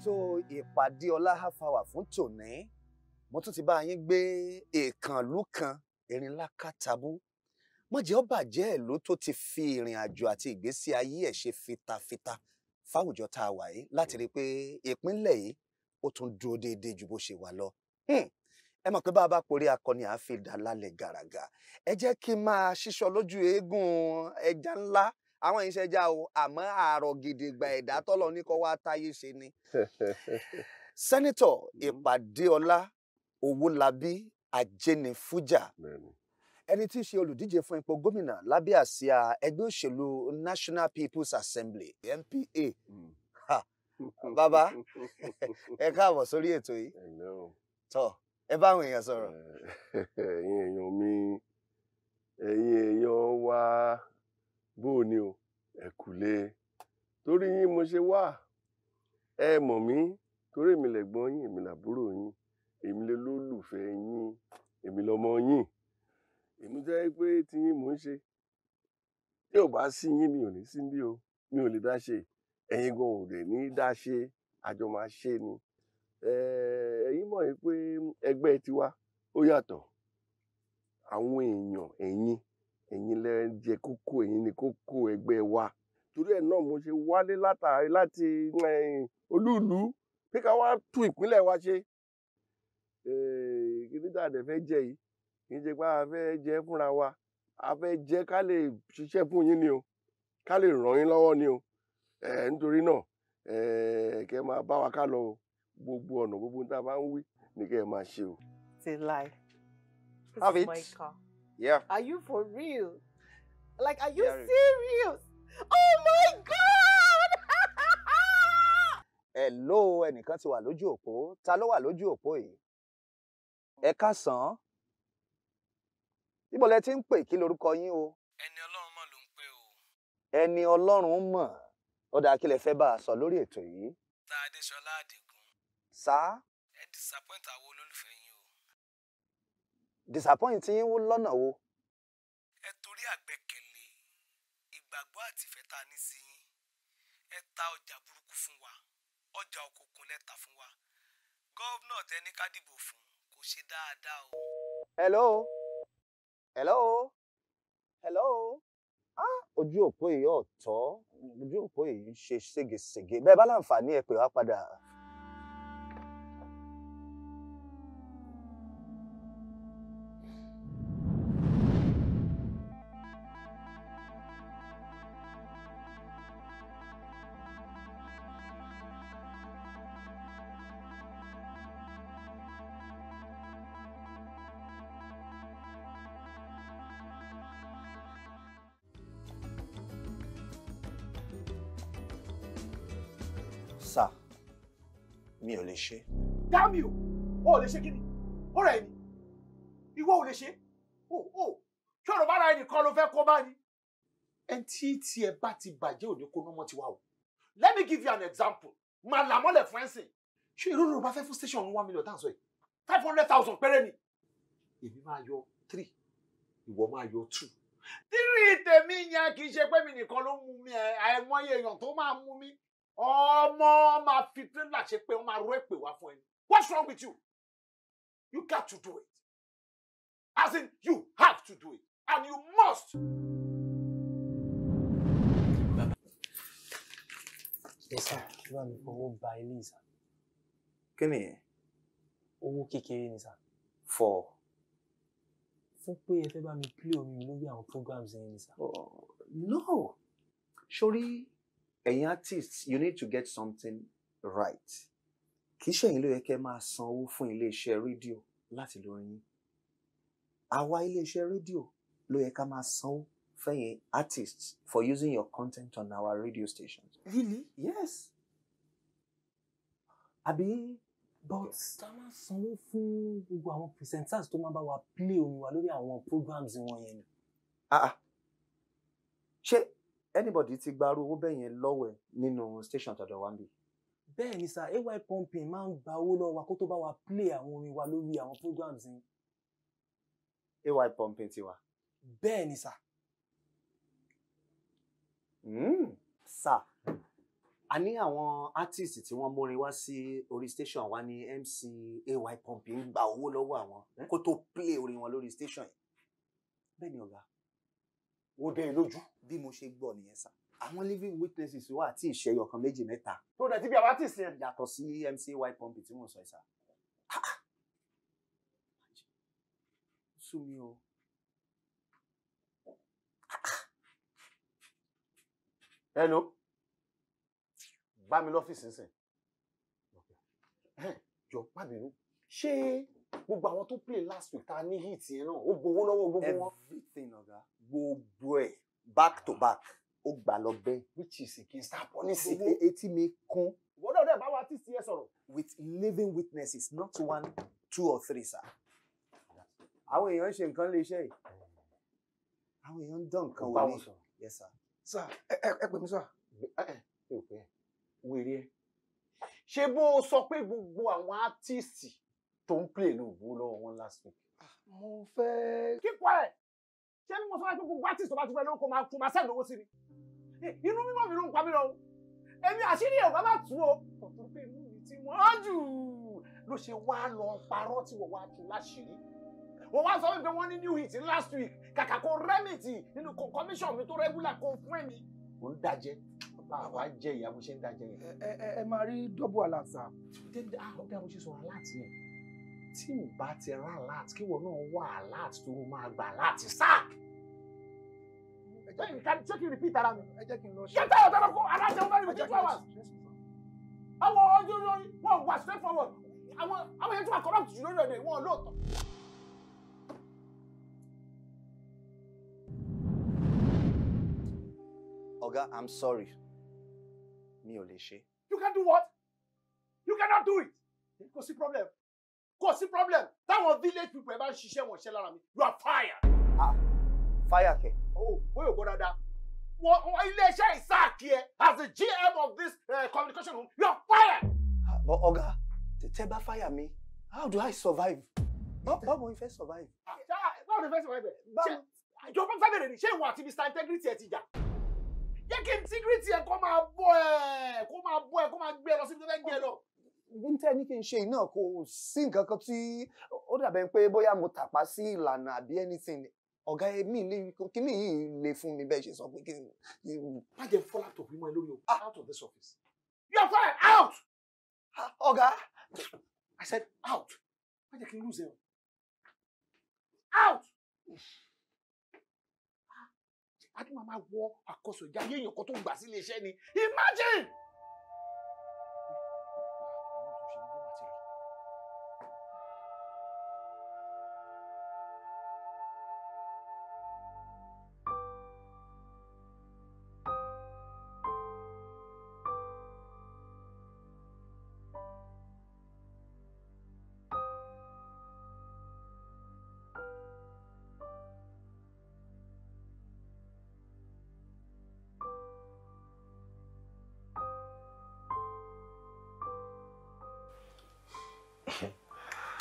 ètò ìpàdé ọláháfáwà fún tòní mo tún ti bá yín gbé èkánlú kan erin lákàtàbú mọ̀jẹ̀ ó bàjẹ́ ìlú tó ti fi ìrìn àjò àti ìgbésí ayé ẹ̀ ṣe fitafita fáwùjọ tá a wà yìí láti rí i pé ìpínlẹ̀ yìí ó tún dúró déédéé ju bó ṣe wà lọ hmm, ẹ mọ̀ pé bá a bá porí akọni àáfi dà lálẹ́ gàràgà ẹ jẹ́ kí n máa ṣíṣọ lójú eégún ẹja ńlá àwọn ìṣẹjá o àmọ́ àárọ̀ gidigba ẹ̀dá tọlọ ní kọ wá táyé ṣe ni. sẹ́nitọ̀ mm-hmm. ìpàdé ọlá owólabí ajẹnifújà ẹni tí í ṣe olùdíje fún ipò gómìnà lábẹ́ àsíá ẹgbẹ́ òṣèlú National People's Assembly NPA mm. bàbá ẹ káàbọ̀ sórí ètò yìí tọ́ ẹ bá àwọn èèyàn sọ̀rọ̀. ẹ̀yin èèyàn mi ẹ̀yin èèyàn wa bó o ní o ẹ kúlé torí yín mo ṣe wá ẹ mọ̀ mí torí èmi lẹ̀gbọ́n yín èmi làbúrò yín èmi lè lólùfẹ́ yín èmi lọmọ yín èmi jẹ́ pé tiyín mò ń ṣe tí ò bá sí yín mi ò ní sí bí o mi ò lè dá ṣe ẹ̀yin gan ò lè ní dá ṣe àjọ máa ṣe ni ẹ̀yin mọ̀ pé ẹgbẹ́ tiwa ó yàtọ̀ àwọn èèyàn ẹ̀yin ẹ̀yin lẹ kókó ẹ̀yin ni kókó ẹgbẹ́ wa torí ẹ̀ náà mo ṣe wálé látàrí láti olúùlú pé ká wá tún ìpínlẹ̀ wa ṣe kí nígbà tẹ fẹ́ jẹ yìí kì í ṣe pé a fẹ́ jẹ fúnra wa a fẹ́ jẹ ká lè ṣiṣẹ́ fún yín ni o ká lè ràn yín lọ́wọ́ ni o nítorí náà kẹ máa bá wa ká lọ gbogbo ọ̀nà gbogbo tá a bá ń wí ni kẹ máa ṣe o. ti lai. This Have is it. my car. Yeah. Are you for real? Like, are you yeah. serious? Oh my God! Hello, ẹnìkan ti wà lójú òpó. Ta ló wà lójú òpó yìí? Ẹ káàsán. Ibo lẹ ti ń pè kí lorúkọ o? Eni olon mọ̀ ló ń o. Eni olon mọ̀. oda dáa kí lẹ fẹ́ bá a sọ lórí ètò yìí. Ta Adéṣọlá Àdìgún. disappoint àwọn disappoint yín lọ́nà wo. ẹ torí àgbẹ̀kẹ̀lé ìgbàgbọ́ àtìfẹ́ ta ní sí yín ẹ ta ọjà burúkú fún wa ọjà òkùnkùn lẹ́ta fún wa gọ́vnà tẹni ká dìbò fún kò ṣe dáadáa o. hello hello hello ah ojú òpó yìí ọ̀tọ̀ ojú òpó yìí ń ṣe ségesège bẹ́ẹ̀ bá láǹfààní ẹ pè wá padà. sà mi ò lè ṣe. Jamiu o ò lè ṣe kí ni ó rẹ̀ ni ìwọ ò lè ṣe o o kí ọ̀rọ̀ bára ẹnì kan ló fẹ́ kó bá ni. ẹni tí tiẹ̀ bá ti bàjẹ́ òní kó ná mọ́ tiwa o let me give you an example màá là mọ́lẹ̀ fún ẹ̀sìn ṣé irú rẹ̀ bá fẹ́ fún station one million tá à ń sọ yìí five hundred thousand péré ni èmi máa yọ three ìwọ máa yọ two tírì tèmi yẹn kì í ṣe pé mi nìkan ló mú mi ẹ àìmọye èèyàn tó máa mú mi ọmọ máa fi tírélà ṣe pé wọ́n máa rọ èpè fún ẹ what's wrong with you you got to do it as in you have to do it and you must. yẹsà kí wàá mi fowó ba ilé ìsà. kí ni. owó kékeré ni sà. fọ. fún pé ẹ fẹ́ bá mi play omi lórí àwọn programs yẹn ni sà. Oh, no sori. Surely ẹ̀yin artists you need to get something right kì í ṣẹ̀yin ló yẹ kẹ́ máa sanwó fún iléeṣẹ́ rédíò láti lórí yín àwa iléeṣẹ́ rédíò ló yẹ ká máa sanwó fẹ̀yìn artists for using your content on our radio stations. really yes àbí but ká máa sanwó fún gbogbo àwọn presenters tó máa bá wa play orin wa lórí àwọn programs wọn yẹn ni. Ah, ah. ṣé anybody ti gbaru owó bẹ́ẹ̀ yẹn lọ́wọ́ ẹ̀ nínú station tọ̀dọ̀ wa níbí. bẹ́ẹ̀ ni sir ay pumping máa ń gba owó lọ́wọ́ wa kó tó bá wa play àwọn orin wa lórí àwọn programs yẹn. ay pumping tiwa. bẹ́ẹ̀ ni sir. Hmm. sir a ní àwọn artist tí wọ́n mórin wá sí orí station wa ní MC ay pumping gba owó lọ́wọ́ àwọn kó tó play orin wọn lórí station yìí. bẹ́ẹ̀ ni ọ̀gá ó dé lójú. bí mo ṣe gbọ́ nìyẹn sá àwọn living witnesses wà tí ìṣẹyọ kan méjì mẹ́ta. tó dẹ̀ tí bí a bá tì sí ẹ̀. yàtọ̀ sí MCY pọ́ǹpì tí mò ń sọ ìsà. Ah, ah. sú mi o. Ah, hello bá mi lọ́fíìsì ń sìn. jọ pàbínú ṣé gbogbo àwọn tó play last week ta ní hit yẹn náà ó gbowó lọ́wọ́ gbogbo wọn. everything ọ̀gá. Okay gbogbo ẹ̀ back to back ó gbà lọ bẹ́ẹ̀ which is kì í sábọ nísìnyí. etí mi kún. ìwọ́dọ̀ dẹ̀ bá tí tiẹ̀ sọ̀rọ̀. with living witnesses not one two or three sir. àwọn èèyàn ń ṣe nǹkan lé iṣẹ́ yìí. àwọn èèyàn ń dán nǹkan wọlé. ó yes sir. sir ẹ ẹ pè mí sir. ẹ ẹ ẹ ò ẹ ṣé bó o sọ pé gbogbo àwọn átíìsì tó ń pè lóògùn lọ́wọ́ wọn last week. Ah, mo fẹ́. kíkọ́ ẹ̀ ṣé mo sọ wá pé gbogbo artist tó bá ti fẹ́ lóko máa tún máa sẹ́ẹ̀ lówó sí ni inú mímọ́ mi ló ń pa mí lọ o èmi àṣírí ẹ̀ bá bá tù o ọ̀tún pé inú mi ti mọ́ jù ló ṣe wá lọ parọ́ tí wọ́n wá tù láṣìírí wọ́n wá sọ wípé wọ́n ní new hit last week kàkà kó rẹ́mìtì nínú commission mi tó regular kan fún ẹ̀mí. ò ń dajẹ́ àwa jẹ ìyá bó ṣe ń dajẹ́ yẹn. ẹ ẹ máa rí double alert sir. Ah, mo ṣe sọ̀rọ̀ aláàtì yẹn tí ò bá ti rán alert kí wọn náà wá alert tó máa gbà láti sack. ṣé kí n repeat ara mi. ẹ jẹ́ kí n lọ ṣe. kẹta ọ̀dọ́ fún aláṣẹ wọn lórí two hours. àwọn ọjọ́ wọn wà straight forward àwọn yẹn tún wà corrupt jù lórí ọ̀dẹ̀ wọn lóòótọ́. Oga, I'm sorry. Mi ò lè ṣe. You can do what? You cannot do it. Kò sí problem kò sí problem táwọn village people ẹ bá ń ṣiṣẹ́ wọn ṣe lára mi you are fired. ah fire kẹ. o bóyá ògbó dáadáa wọn iléeṣẹ́ ìsáàkì ẹ as the gm of this uh, communication room you are fired. Ah, but ọ̀gá tẹ́ bá fire mi how do I survive? báwo ni fẹ́ survive. Ah, báwo ni fẹ́ survive ẹ̀ ìjọba fẹ́ bẹ̀rẹ̀ ni ṣé ìwọ àti mr integrity ẹ ti jà jẹ́ kí integrity ẹ kó máa bọ́ ẹ kó máa bọ́ ẹ kó máa gbé ẹ lọ síbi tó fẹ́ gbé ẹ lọ. bí tẹ́ ní kí n ṣe yìí kò sí nǹkan kan tí ó dàbẹ̀ pé bóyá mo tàpá sí ìlànà àbí anything ọ̀gá mi lè kíní yìí lè fún mi bẹ́ẹ̀ ṣe sọ pé kí n. má of ẹ lórí o ah! out of this office. you are fired out. Ah, ọ̀gá I said out má kí n lose ẹ o out. Ah! adúmọ̀ máa wọ àkọsọ̀ ìjà yéèyàn kan tó gbà sí ni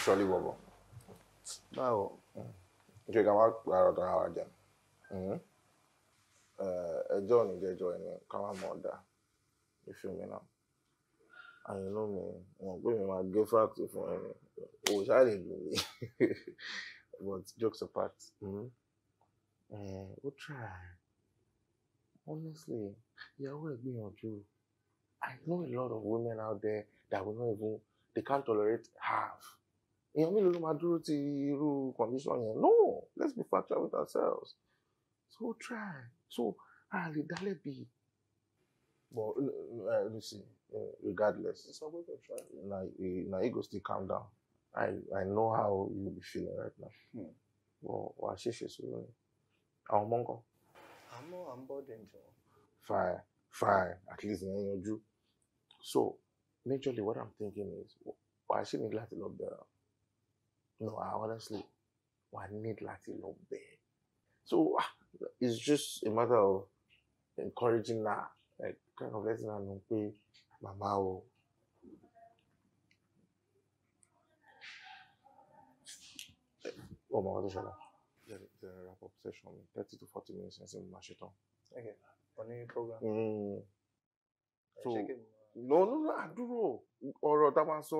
surely bọ̀bọ̀ báwo nítorí ká má parọ́ tán ara jà mm-hmm. ẹjọ́ ò ní jẹ́jọ́ ẹni ká má mọ̀ ọ́dà ìfẹ́ mi náà àyìnló mi wọn pé mi máa to fáàkì fún ẹni o ṣáà lè lù mí but jokes apart Hmm. we'll try honestly ìyàwó ẹ̀ gbìyànjú I know a lot of women out there that will not even they can't tolerate half èèyàn mélòó ló máa dúró ti irú condition yẹn no let's be factual with ourselves so try so a lè dá lẹ́bi but uh, listen uh, regardless na na you go still calm down i i know how you be feeling right now hmm. but wàá ṣèṣe sórí àwọn ọmọ nǹkan. àmọ́ à ń bọ́ dẹ̀jọ́. fine fine at least ìyẹn yanjú so majorly what i'm thinking is wàá ṣì ní láti lọ bẹ̀rẹ̀ no, I honestly, wà ní láti lọ bẹ́ẹ̀. So ah, it's just a matter of encouraging that, like kind of letting her know pé màmá o. Oh, my god, ṣọlá. The, the wrap up session, 30 to 40 minutes, and see my it on. Okay. Only program. Mm. So lọ́nà àdúrò ọ̀rọ̀ tá a máa sọ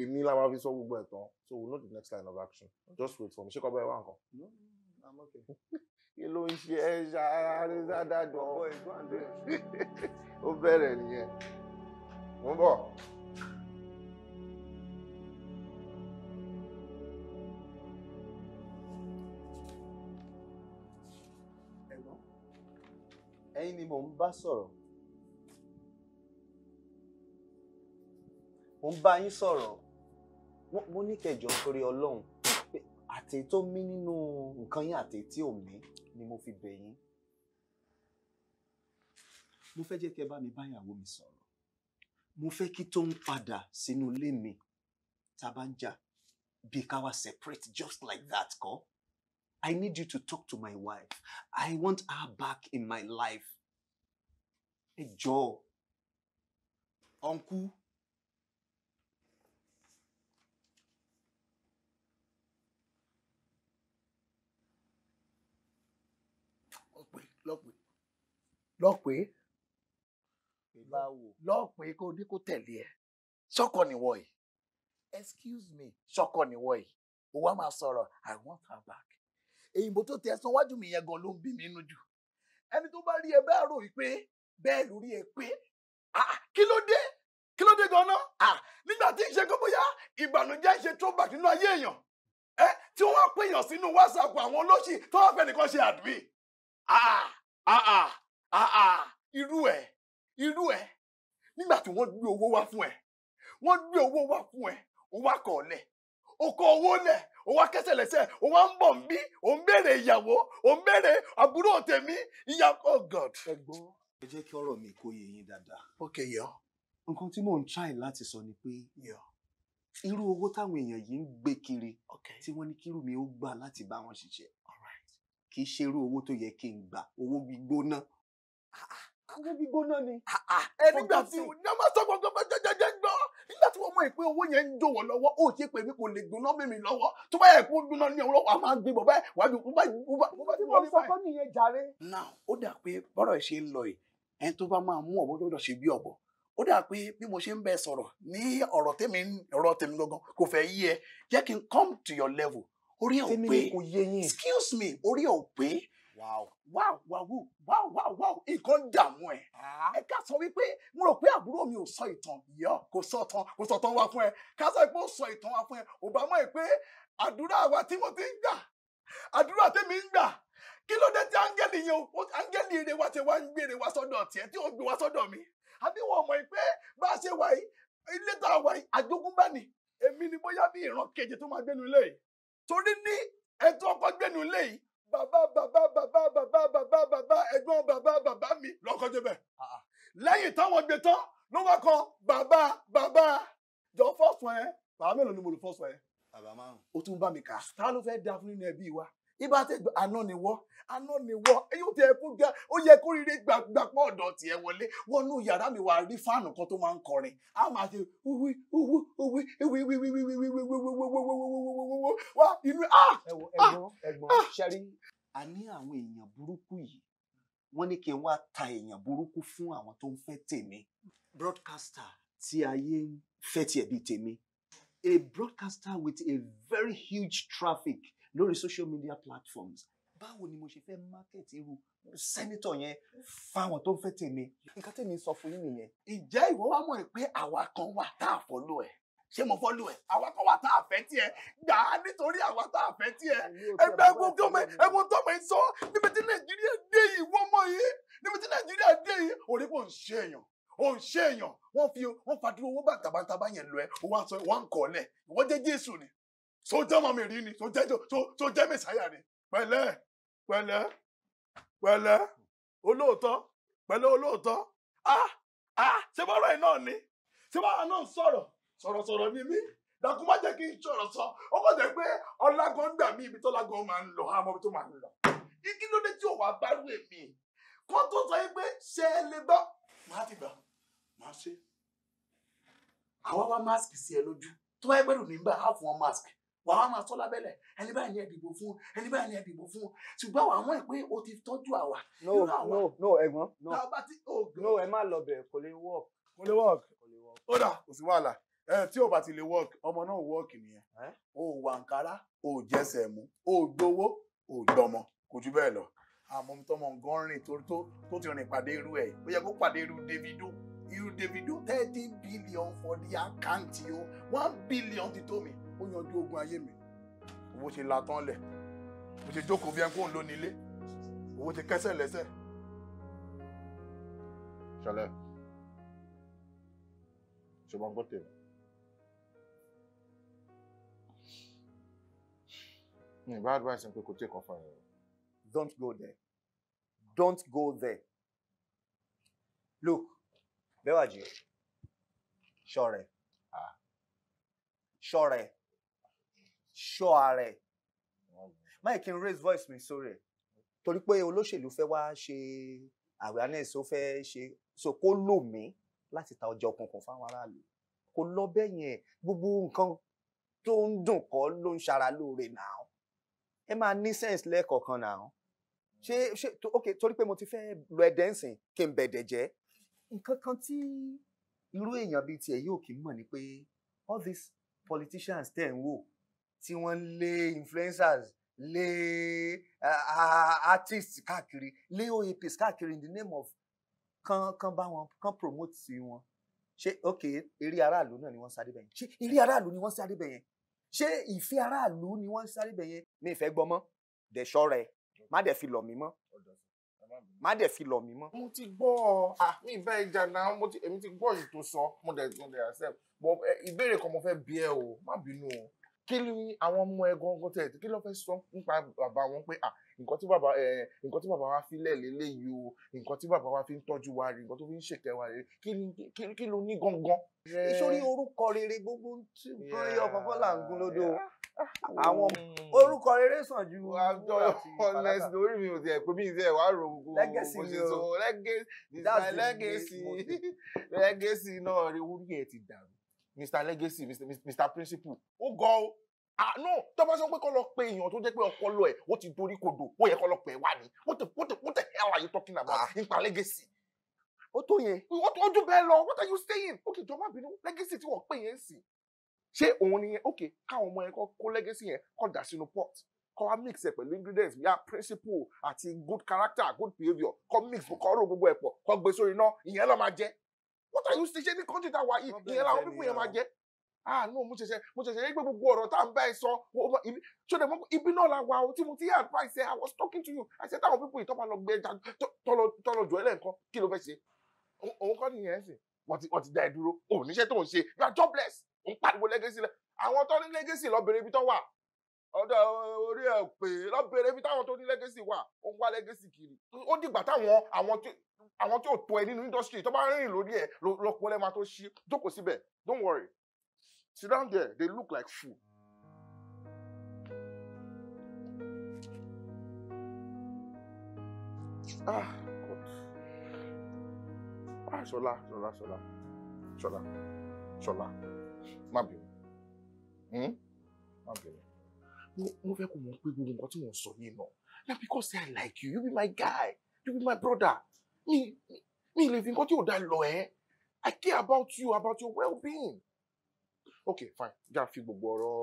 èmi la máa fi sọ gbogbo ẹ̀ tán so we know the next line of action just wait for me ṣé kò bá ẹ wá nǹkan. kí ló ń ṣe ẹ ṣàárẹ̀ sádàjọ́ ó bẹ̀rẹ̀ nìyẹn mo ń bọ̀. ẹ̀yin ni mò ń bá sọ̀rọ̀. mo ń bá yín sọ̀rọ̀ mo ní kẹjọ torí ọlọ́run àti tó mí nínú nǹkan yín àti tí ò mí ni mo fi bẹ̀ yín. mo fẹ́ jẹ́ kí ẹ bá mi báyàwó mi sọ̀rọ̀ mo fẹ́ kí tó ń padà sínú ilé mi tá a bá ń jà bí ká wá separate just like that kọ́. I need you to talk to my wife. I want her back in my life. Ẹ jọ̀ọ́, uncle. lọ́pẹ́ lọ́pẹ́ kó ní kó tẹ̀lé ẹ sọ́kọ nìwọ yìí excuse me sọ́kọ nìwọ yìí ó wá máa sọ̀rọ̀ i want her back èyìnbó tó tẹ ẹsán wájú mi yẹn gan ló ń bí mi nínú jù ẹni tó bá rí ẹ bẹ́ẹ̀ rò wípé bẹ́ẹ̀ lórí ẹ pé ah, kí ló dé kí ló dé gan-an ah, nígbà tí ìṣe kó bóyá ìbànújẹ́ ìṣe throwback nínú ayé èèyàn ẹ tí wọ́n á pèèyàn sínú whatsapp àwọn olóṣì tó wọ́n fẹ́ nìkan ṣe àdúgbì àà irú ẹ irú ẹ nígbà tí wọ́n gbé owó wá fún ẹ wọ́n gbé owó wá fún ẹ ó wá kọ̀ ọ́ lẹ̀ ó kọ owó lẹ̀ ó wá kẹsẹ̀ lẹ́sẹ̀ ó wá ń bọ̀ ń bí ó ń béèrè ìyàwó ó ń béèrè àbúrò tèmi ìyá oh god. ẹ gbọ́ ẹ jẹ́ kí ọ̀rọ̀ mi kó yé yín dáadáa. ok yọ. nǹkan tí mò ń try láti sọ ni pé irú owó táwọn èèyàn yìí ń gbé kiri tí wọ́n ní kírú mi ó gbà láti bá wọn ṣiṣẹ́ kì í ṣe irú owó tó yẹ kí n gbà owó gbígbóná owó gbígbóná ni. ẹ nígbà tí ní ọmọ sọ gbọgbọ bá jẹjẹjẹ gbọ nígbà tí wọn mọ ìpín owó yẹn ń jòwọ lọ́wọ́ ó ṣe pé mi kò lè gbóná mi mi lọ́wọ́ tó bá yẹ kó gbóná ní ọlọ́pàá a máa gbé bọ báyìí wàá ti wọlé báyìí. ọsọ kọ́ni yẹn jàre. now ó dà pé bọ́rọ̀ ẹ̀ ṣe ń lọ yìí ẹni tó bá máa mú ọ̀bọ gbọ́dọ̀ ṣe bí ọ̀bọ ó dà pé bí mo ṣe ń bẹ sọ̀rọ̀ ní ọ̀rọ̀ tèmi ọ̀rọ̀ tèmi gangan kò fẹ́ yí ẹ jẹ́ kí n come to your level orí ò pé excuse me orí ò pé wow wow wow wow wow nǹkan dààmú ẹ ah. ẹ ká sọ wípé mo rò pé àbúrò mi ò sọ ìtàn yọ kò sọ tán kò sọ tán wá fún ẹ ká sọ pé ó sọ ìtàn wá fún ẹ ò bá mọ̀ ẹ pé àdúrà wa tí mo ti ń gbà àdúrà tèmi ń gbà kí ló dé tí áńgẹ́lì yẹn áńgẹ́lì ire wa ti wá ń gbére wa sọ́dọ̀ tiẹ̀ tí ó gbé wa sọ́dọ̀ mi àbí wọn mọ̀ ẹ pé bá a ṣe wà yìí ilé tá a wà yìí àjogúnbá ni èmi ni bóyá bí ìran kejì tó máa gbénu ilé yìí torí ní ẹ̀tọ́ ọkọ̀ gbénu ilé yìí baba, baba, baba, baba, baba, baba. ẹ̀gbọ́n baba, baba, mi lọ́kọ́ débẹ̀. Ah, ah. lẹ́yìn táwọn gbé tán ló wá kan Baba, baba. jọ fọ́sùn ẹ bàbá mélòó ni mo lè fọ́sùn ẹ. bàbá márùn. o tún bá mi kà. ta ló fẹ́ da fún nínú ẹbí wa ibà tẹ gbọ́ àná ni wọ́ àná ni wọ́ yóò tẹ kó gbà ó yẹ kó rire gbàgbàpọ̀ ọ̀dọ̀ tiẹ̀ wọlé wọnú yàrá mi wà rí fáànù kan tó máa ń kọrin á máa ṣe wíwí wíwí wíwí wíwí wíwí wíwí wíwí wíwí wíwí wíwí wíwí wá inú á. ẹ̀gbọ́n ẹ̀gbọ́n ṣẹrí a ní àwọn èèyàn burúkú yìí wọ́n ní kí n wá ta èèyàn burúkú fún àwọn tó ń fẹ́ tèmi broadcaster tí ayé ń fẹ́ tiẹ̀ bíi tèmi a broadcaster with a very huge traffic lórí social media platforms báwo ni mo ṣe fẹ́ market irú sẹ́nítọ̀ yẹn fáwọn tó ń fẹ́ tèmi nǹkan tèmi sọ fún yín nìyẹn. ǹjẹ́ ìwọ wá mọ̀ pé àwa kan wà tá a follow ẹ̀ ṣé mo follow ẹ̀ àwa kan wà tá a fẹ́ tiẹ̀ gbà á nítorí àwa tá a fẹ́ tiẹ̀ ẹgbẹ́ ẹgbẹ́ ọmọ ẹgbẹ́ ọmọ ẹ sọ níbi tí nàìjíríà dé yìí wọ́n mọ̀ yìí níbi tí nàìjíríà dé yìí òrí kò ń ṣe èèyàn ó ń ṣe èèyàn wọ́n fi wọ́n fàdúró owó bàtàbàtàbà yẹn lọ ẹ wọ́n sọ wọ́n kọ́ lẹ̀ wọ́n jẹ́ jésù ni so jẹ́ ọmọ mi rí ni so jẹ́ so jẹ́ mẹ̀sáyà ni pẹ̀lẹ́ pẹ̀lẹ́ pẹ̀lẹ́ olóòótọ́ pẹ̀lẹ́ olóòótọ́ ah ah ṣé bọ́rọ̀ ẹ̀ náà ni ṣé bọ́rọ̀ náà sọ̀rọ̀ sọ̀rọ̀sọ̀rọ̀ ni mí dàkú má jẹ́ kí n sọ̀rọ̀ sọ ó kàn jẹ́ pé ọlágan gbà mí ibi tọ́lágan máa ń lọ àmọ́ ibi tó máa ń lọ kí ló dé tí òwà bárú èmi kó tó sọ yín pé ṣe é lè bá má ti gbà má ṣe àwa wá máàsì sí ẹ lójú tó bá pẹ́lú nígbà á fún ọ máàsì wàá máa tọ́ lábẹ́lẹ̀ ẹni báyìí ni ẹ fún ẹni báyìí ni ẹ fún ṣùgbọ́n wàá mọ̀ pé o ti tọ́jú àwa. no no no ẹ̀gbọ́n no no ẹ má lọ bẹ̀rẹ̀ kò lè work. kò lè work ó dà kò sí wàhálà tí ò bá ti lè work ọmọ náà work nìyẹn o wà nkárá o jẹsẹ̀ mú o gbowó o gbọmọ kò jù bẹ́ẹ̀ lọ àmọ́ tọmọ nǹkan rìn tó ti rìn pàdé irú ẹ̀ ó yẹ kó pàdé irú Davido you Davido thirty billion for the account o one billion ti tó mi ó yanjú ogun ayé mi owó ṣe la tán lẹ̀ mo ṣe jókòó bí ẹnkóhùn ló nílé owó ti kẹ́sẹ̀ lẹ́sẹ̀. ṣọlẹ ṣùgbọ́n kó tèmi mi ìbá advice pé kò tí ì kọ́ fún ẹ. don't go there don't go there look Bẹ́wàjí ṣọ́rẹ̀ ṣọ́rẹ̀ ṣọ́ ààrẹ máyì kí raise voice me sorry. ẹ̀ torí pé olóṣèlú fẹ́ wá ṣe awareness ó fẹ́ ṣe so kó lò mí láti ta ọjà òkùnkùn fáwọn aráàlú kò lọ bẹ́ẹ̀ yẹn gbogbo nǹkan tó ń dùn kọ́ ló ń ṣara lóore náà ẹ máa ní sense lẹ́ẹ̀kọ̀ọ̀kan náà ṣé ṣé ok torí pé mo ti fẹ́ lọ ẹ̀dẹ̀ ń sìn kí n bẹ̀dẹ̀ jẹ́ nǹkan kan tí irú èèyàn bíi tiẹ̀ yóò kì í mọ̀ ni pé all these politicians tẹ̀ ń wò tí wọ́n lé influencers lé uh, artists káàkiri lé oaps káàkiri in the name of kan kan bá wọn kan promote wọn ṣé ok eré aráàlú náà ni wọ́n sáré bẹ̀yẹn ṣé eré aráàlú ni wọ́n sáré bẹ̀yẹn ṣé ìfẹ́ aráàlú ni wọ́n sáré bẹ̀yẹn mi ìfẹ́ gbọ́ mọ́ dẹ̀ṣọ́ rẹ̀ má dẹ̀ fi lọ̀ mí mọ́ má dẹ̀ fi lọ̀ mí mọ́. mo ti gbọ́ ọ ah, mi bá ẹ jà náà èmi ti gbọ́ yìí tó sọ mo dẹ̀ mo dẹ̀ accept but eh, ìbéèrè kan mo fẹ́ bi ẹ́ o má bínú o kí ni àwọn ọmọ ẹ gangan tẹ̀ kí ló fẹ́ sọ nípa bàbá wọn pé à nǹkan tí bàbá nǹkan tí bàbá wa fi lẹ́ẹ̀lẹ́ léyìí o nǹkan tí bàbá wa fi ń tọ́jú wa rèé nǹkan tó fi ń ṣèkẹ́ wa rèé kí ló ní gangan. sórí orúkọ rere gbogbo tí nǹkan yọ kọ́kọ́ là ń gún lódò àwọn hmm. orúkọ rere sàn ju honest orí mi ò tiẹ̀ pé mi ìfẹ́ wàá ro gbogbo legacy mi o legacy legacy náà orí ẹ̀ ti dàrú mr legacy mr, mr principal ó gọ Ah no! tó bá sọ pé kọ́ lọ pe èèyàn tó jẹ́ pé ọpọlọ ẹ̀ ó ti dorí kodò ó yẹ kọ́ lọ pè wá ní what the what the what the hell are you talking about nípa ah. legacy ó tó yẹn ó tó ojú bẹ́ẹ̀ lọ what are you saying ok jọba bínú legacy tí wọ́n pè yẹn sí ṣé òun nìyẹn ok káwọn ọmọ yẹn kọ́ kó legacy yẹn kọ́ dà sínú pot kọ́ wá mix ẹ̀ pẹ̀lú ingredients bíi ah, principle àti good character good behaviour kọ́ mix kọ́ rò gbogbo ẹ̀ pọ̀ kọ́ gbé sórí iná ìyẹn ló máa jẹ́ what are you ṣe ṣe country that tá a wà yìí ìyẹn làwọn pípọ̀ yẹn máa ah no mo ṣẹ̀ṣẹ̀ mo ṣẹ̀ṣẹ̀ yẹ pé gbogbo ọ̀rọ̀ tá à ń bá ẹ sọ ṣó dẹ̀ mọ́ ibi náà la wà o tí mo ti yẹ advice I was talking to you I said táwọn pípọ̀ yìí tọ́ba lọ gbé ẹja tọ́lọ jù ẹ lẹ́ǹkan kí ló fẹ́ ṣe òun kọ́ nìyẹn sìn wọ́n ti dá ẹ dúró òun níṣẹ́ tó ń ṣe you are jobless ń pariwo legacy I want tó ní legacy lọ bèrè ibi tó wà ọ̀dọ̀ orí ẹ̀ pé lọ bèrè legacy wà ó ń wá legacy kiri ó àwọn tí ò tó ẹ nínú industry tó bá rìn lórí ẹ lọpọ lẹ́ẹ̀ máa tó ṣí jókòó síbẹ̀ don't worry sit down there they look like fool. ah God ah sola, sola, sola, sola, sola. má bẹ̀rù hmm? má bẹ̀rù mo fẹ́ kó mọ̀ pé gbogbo nǹkan tí mo sọ yìí náà na because I like you you be my guy you be my brother. Me, me lè fi nǹkan tí ò da lọ i care about you about your well-being Okay, fine já fi gbogbo ọ̀rọ̀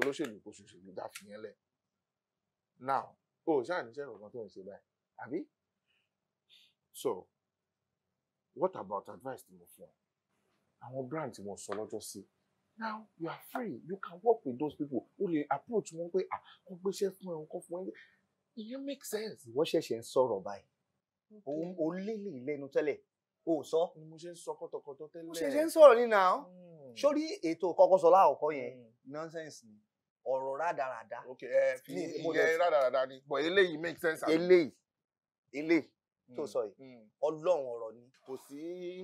olóṣèlú oṣooṣèlú já fi yẹn lẹ̀ now oh, ò ṣáà níṣẹ́ ìrọ̀kan tó ń ṣe báyìí àbí so what about advice tí mo fún ọ àwọn brand tí mo sọ lọ́jọ́ sí now you are free you can work with those people o lè approach wọn pé ah kò gbéṣẹ́ fún ẹ kò fún ẹ ìyẹn make sense. ìwọ ṣẹ̀ṣẹ̀ ń sọ̀rọ̀ báyìí o lé lè lẹ́nu tẹ́lẹ̀ o sọ. ni mo ṣe ń sọ kọtọkọtọ tẹ́lẹ̀. mo ṣe ṣe ń sọ̀rọ̀ ní nà hmm. sórí ètò kọkọsọ láàkọ hmm. yẹn nonsense ni ọ̀rọ̀ rádaràda. ok ẹ fi ìyẹn rádaràda ni but eléyìí make sense. eléyìí eléyìí tó hmm, sọ yìí ọlọ́run ọ̀rọ̀ ni. kò sí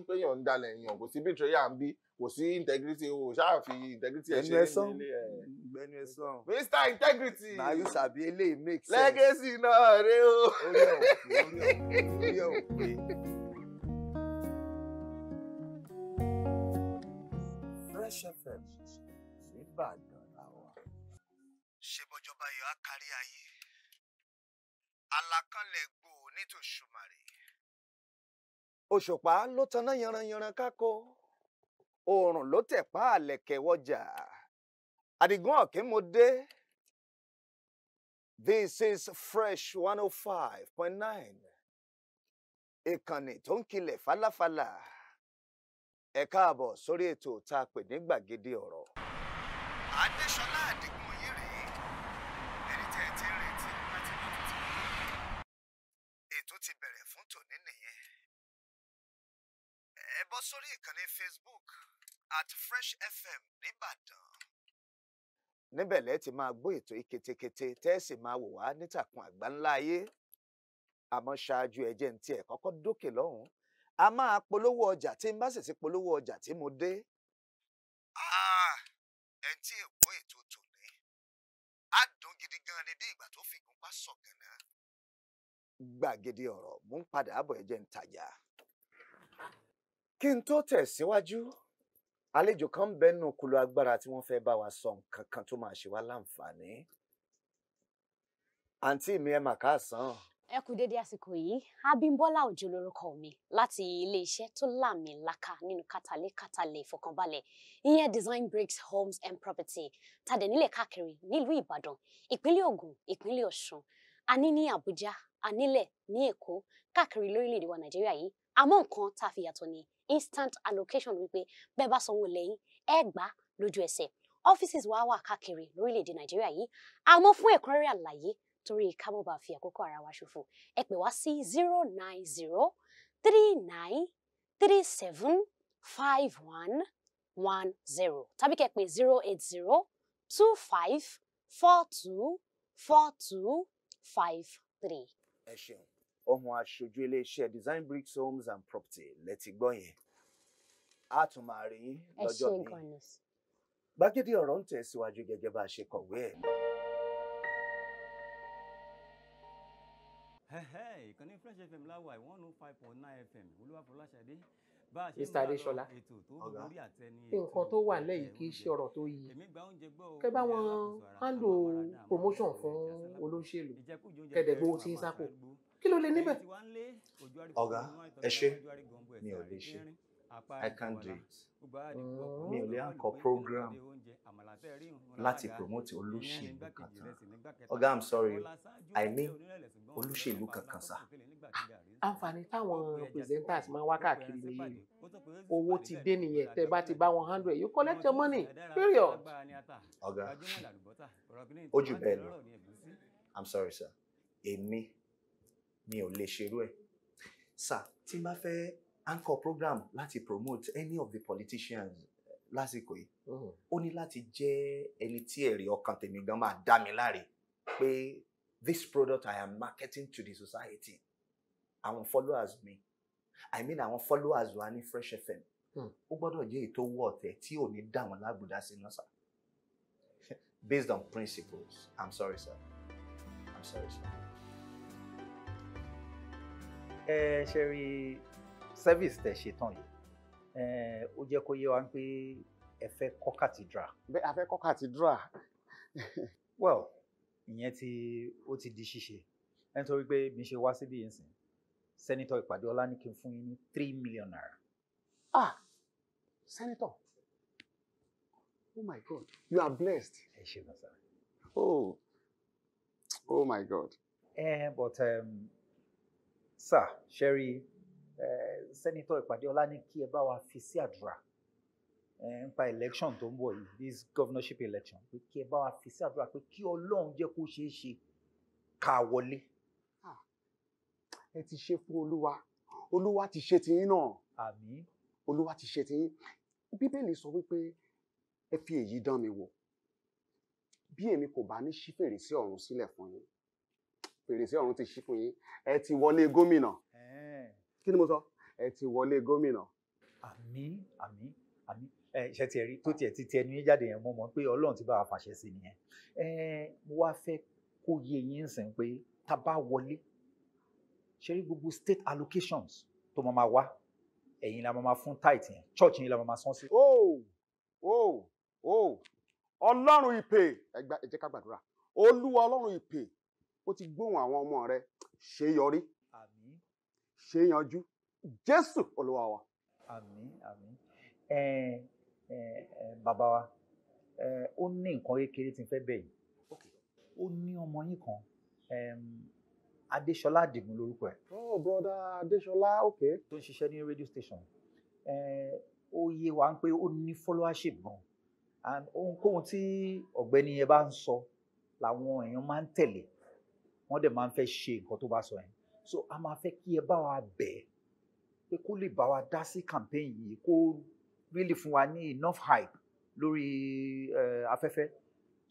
pé yàn ń dalẹ̀ yàn kò sí bí ìtòyà ń bí kò sí integrity o ṣáà fi integrity ẹ ṣe nílé ẹ. gbẹnu ẹsán Mr Integrity na you sabi eléyìí make sense legacy náà rè o. orí ẹ̀ òpè orí ẹ̀ Fresh FM nìbàdàn làwà. ṣé bọ́jọba yóò á kárí ayé alákànlẹ̀ gbòó nítòsùmàrè. òṣùpá ló taná yanranyanran kákó. oòrùn ló tẹ̀pá àlẹ̀kẹ̀ wọjà àdìgún ọ̀kínmọdé this is fresh one oh five point nine ìkànnì tó ń kilẹ̀ falafala ẹ káàbọ̀ sórí ètò tá a pè ní gbàgede ọ̀rọ̀. adéṣọlá. bọ́ sórí ìkànnì Facebook at Fresh FM nìbàdàn. níbẹ̀ lẹ́ẹ̀ ti máa gbọ́ ètò ìketekete tẹ́ẹ̀sì máa wò wá nítàkùn àgbáńlá ayé àmọ́ ṣáájú ẹ̀jẹ̀ ń tiẹ̀ kọ́kọ́ dókè lọ́hùn-ún a máa polówó ọjà tí n bá sì ti polówó ọjà tí mo dé. Ah, ẹ tí èkó ètò tòní á dùn gidi gan ni bí ìgbà tó fìgúnpá sọ̀gànná. gbàgede ọ̀rọ̀ mú padà bọ̀ ẹ̀jẹ̀ ń tajà kí n tó tẹ̀síwájú àlejò kan ń bẹnu kulu agbára tí wọ́n fẹ́ bá wa sọ nǹkan kan tó máa ṣe wá láǹfààní àǹtí mi ẹ mà káàsán. ẹ kú dédé àsìkò yìí Abímbọ́lá Òjó lorúkọ mi láti iléeṣẹ́ tó láàmì laka nínú kàtàlé kàtàlé ìfọkànbalẹ̀ ìyẹn design bricks homes and property tàdé nílẹ̀ káàkiri nílùú Ìbàdàn ìpínlẹ̀ Ògùn ìpínlẹ̀ Ọ̀ṣun àní ní Àbújá anílẹ̀ ní Èkó káàkiri lórílẹ̀-èdè wa Nàìjíríà yìí àmọ́ nǹkan tá a fi yàtọ̀ ni instant allocation wípé bẹ́ẹ̀ bá sanwó lẹ́yìn ẹ lójú ẹsẹ̀ offices wa wà káàkiri lórílẹ̀‐èdè nàìjíríà yìí àmọ́ fún ẹ̀kúnrẹ́rẹ́ àlàyé torí ká mọ́ fi àkókò ara wa ṣòfò ẹ pè wá sí zero nine zero three nine three seven five one one zero tàbí kẹ́ pè zero eight zero two five four two four two five three. ẹ ṣeun ohun aṣojú iléeṣẹ́ design bricks homes and property lẹ́tí gbọ́ yẹn a tún máa rí yín lọ́jọ́ mi gbàgede ọ̀rọ̀ ń tẹ̀síwájú gẹ́gẹ́ bá a ṣe kọ̀wé ẹ̀. ìkànnì fresh fm láwà one oh five point nine fm olúwàfọláṣadé bá a ṣe ń bá lọ ètò tó lórí àtẹni ètò nǹkan tó wà lẹ́yìn kì í ṣe ọ̀rọ̀ tó yí kẹ bá wọn handle promotion fún olóṣèlú kẹdẹgbó tí ń sápò kí ló lè níbẹ̀. ọ̀gá ẹ ṣe mi ò lè ṣe i can't do it oh. mi ò lè àǹkọ program láti promote olóṣèlú kankan ọ̀gá i'm sorry i mean olóṣèlú kankan sá. àǹfààní táwọn presenters máa ń wá káàkiri nìyí owó ti dé nìyẹn tẹ bá ti bá wọn handle you collect your money period. ọ̀gá ó bẹ́ẹ̀ lọ i'm sorry sir èmi. E mi ò lè ṣerú ẹ̀ sà tí n bá fẹ́ anchor program láti promote any of the politicians eh, lásìkò yìí mm. ó ní láti jẹ́ ẹni tí ẹ̀rí ọkàn tèmi gan máa dá mi láre pé this product I am marketing to the society àwọn followers mi I mean àwọn followers wa ní Fresh FM mm. ó gbọ́dọ̀ jẹ́ ètò owó ọ̀tẹ̀ tí ò ní dà wọ́n lágbòdá sí náà sir based on principles I'm sorry sir I'm sorry sir ẹ ṣe rí service tẹ ṣe tán yìí ó jẹ́ kó yé wa pé ẹ fẹ́ kọ́ cathedral. bẹ́ẹ̀ a fẹ́ kọ́ cathedral. well ìyẹn tí ó ti di ṣíṣe nítorí pé mi ṣe wá síbí yìí sìn sẹ́nitọ̀ ìpàdé ọlá ní kí n fún yín ní three million naira. ah sẹ́nitọ̀ oh my god you are blessed. ẹ ṣe gan sa. oh oh my god. Eh, but um, sà ṣẹ́rí sẹ́nitọ́ ìpàdé ọlá ní kí ẹ bá wa fi sí àdúrà nípa election tó ń bọ̀ yìí this governorship election pé kí ẹ bá wa fi sí àdúrà pé kí ọlọ́run jẹ́ kó ṣeé ṣe ká wọlé. ẹ ti ṣe fún olúwa olúwa ti ṣe tiyín náà. àmín. olúwa ti ṣe tiyín bíbélì sọ wípé ẹ fi èyí dán mi wò bí èmi kò bá ní ṣí fèrèsé ọ̀run sílẹ̀ fún yín fèrèsé ọ̀run ti ṣí fún yín ẹ ti wọlé gómìnà kí ni mo sọ ẹ ti wọlé gómìnà. àmín àmín àmín ẹ ṣe tiẹ̀ rí tó tiẹ̀ ti ti ẹnu yín jáde yẹn mo mọ̀ pé ọlọ́run ti bá wa fàṣẹ sí nìyẹn ẹ mo wá fẹ́ kó yé yín sìn pé tá a bá wọlé ṣe rí gbogbo state allocations tó máa ma wá ẹ̀yin la máa ma fún tithe yẹn church yín la máa ma san sí. o o o ọlọ́run ìpè ẹ jẹ́ ká gbàdúrà olúwa ọlọ́run ìpè ó ti gbóhùn àwọn ọmọ rẹ ṣe yọrí àmín ṣe yanjú jésù olúwa wa. àmín àmín ẹ ẹ bàbá wa ó ní nǹkan kékeré tí n fẹ́ bẹ̀ yìí ó ní ọmọ yín kan adéṣọlá àdìgún lórúkọ ẹ. oh broda adéṣọlá ok. tó ń ṣiṣẹ́ ní radio station ó yé wa pé ó ní followership gan and ohunkóhun tí ọ̀gbẹ́ni yẹn bá ń sọ làwọn èèyàn máa ń tẹ̀lé wọ́n dẹ̀ máa ń fẹ́ ṣe nǹkan tó bá sọ yẹn so a máa fẹ́ kí ẹ bá wa bẹ̀ pé kó lè bá wa dá sí campaign yìí kó really fún wa ní enough hype lórí eh, afẹ́fẹ́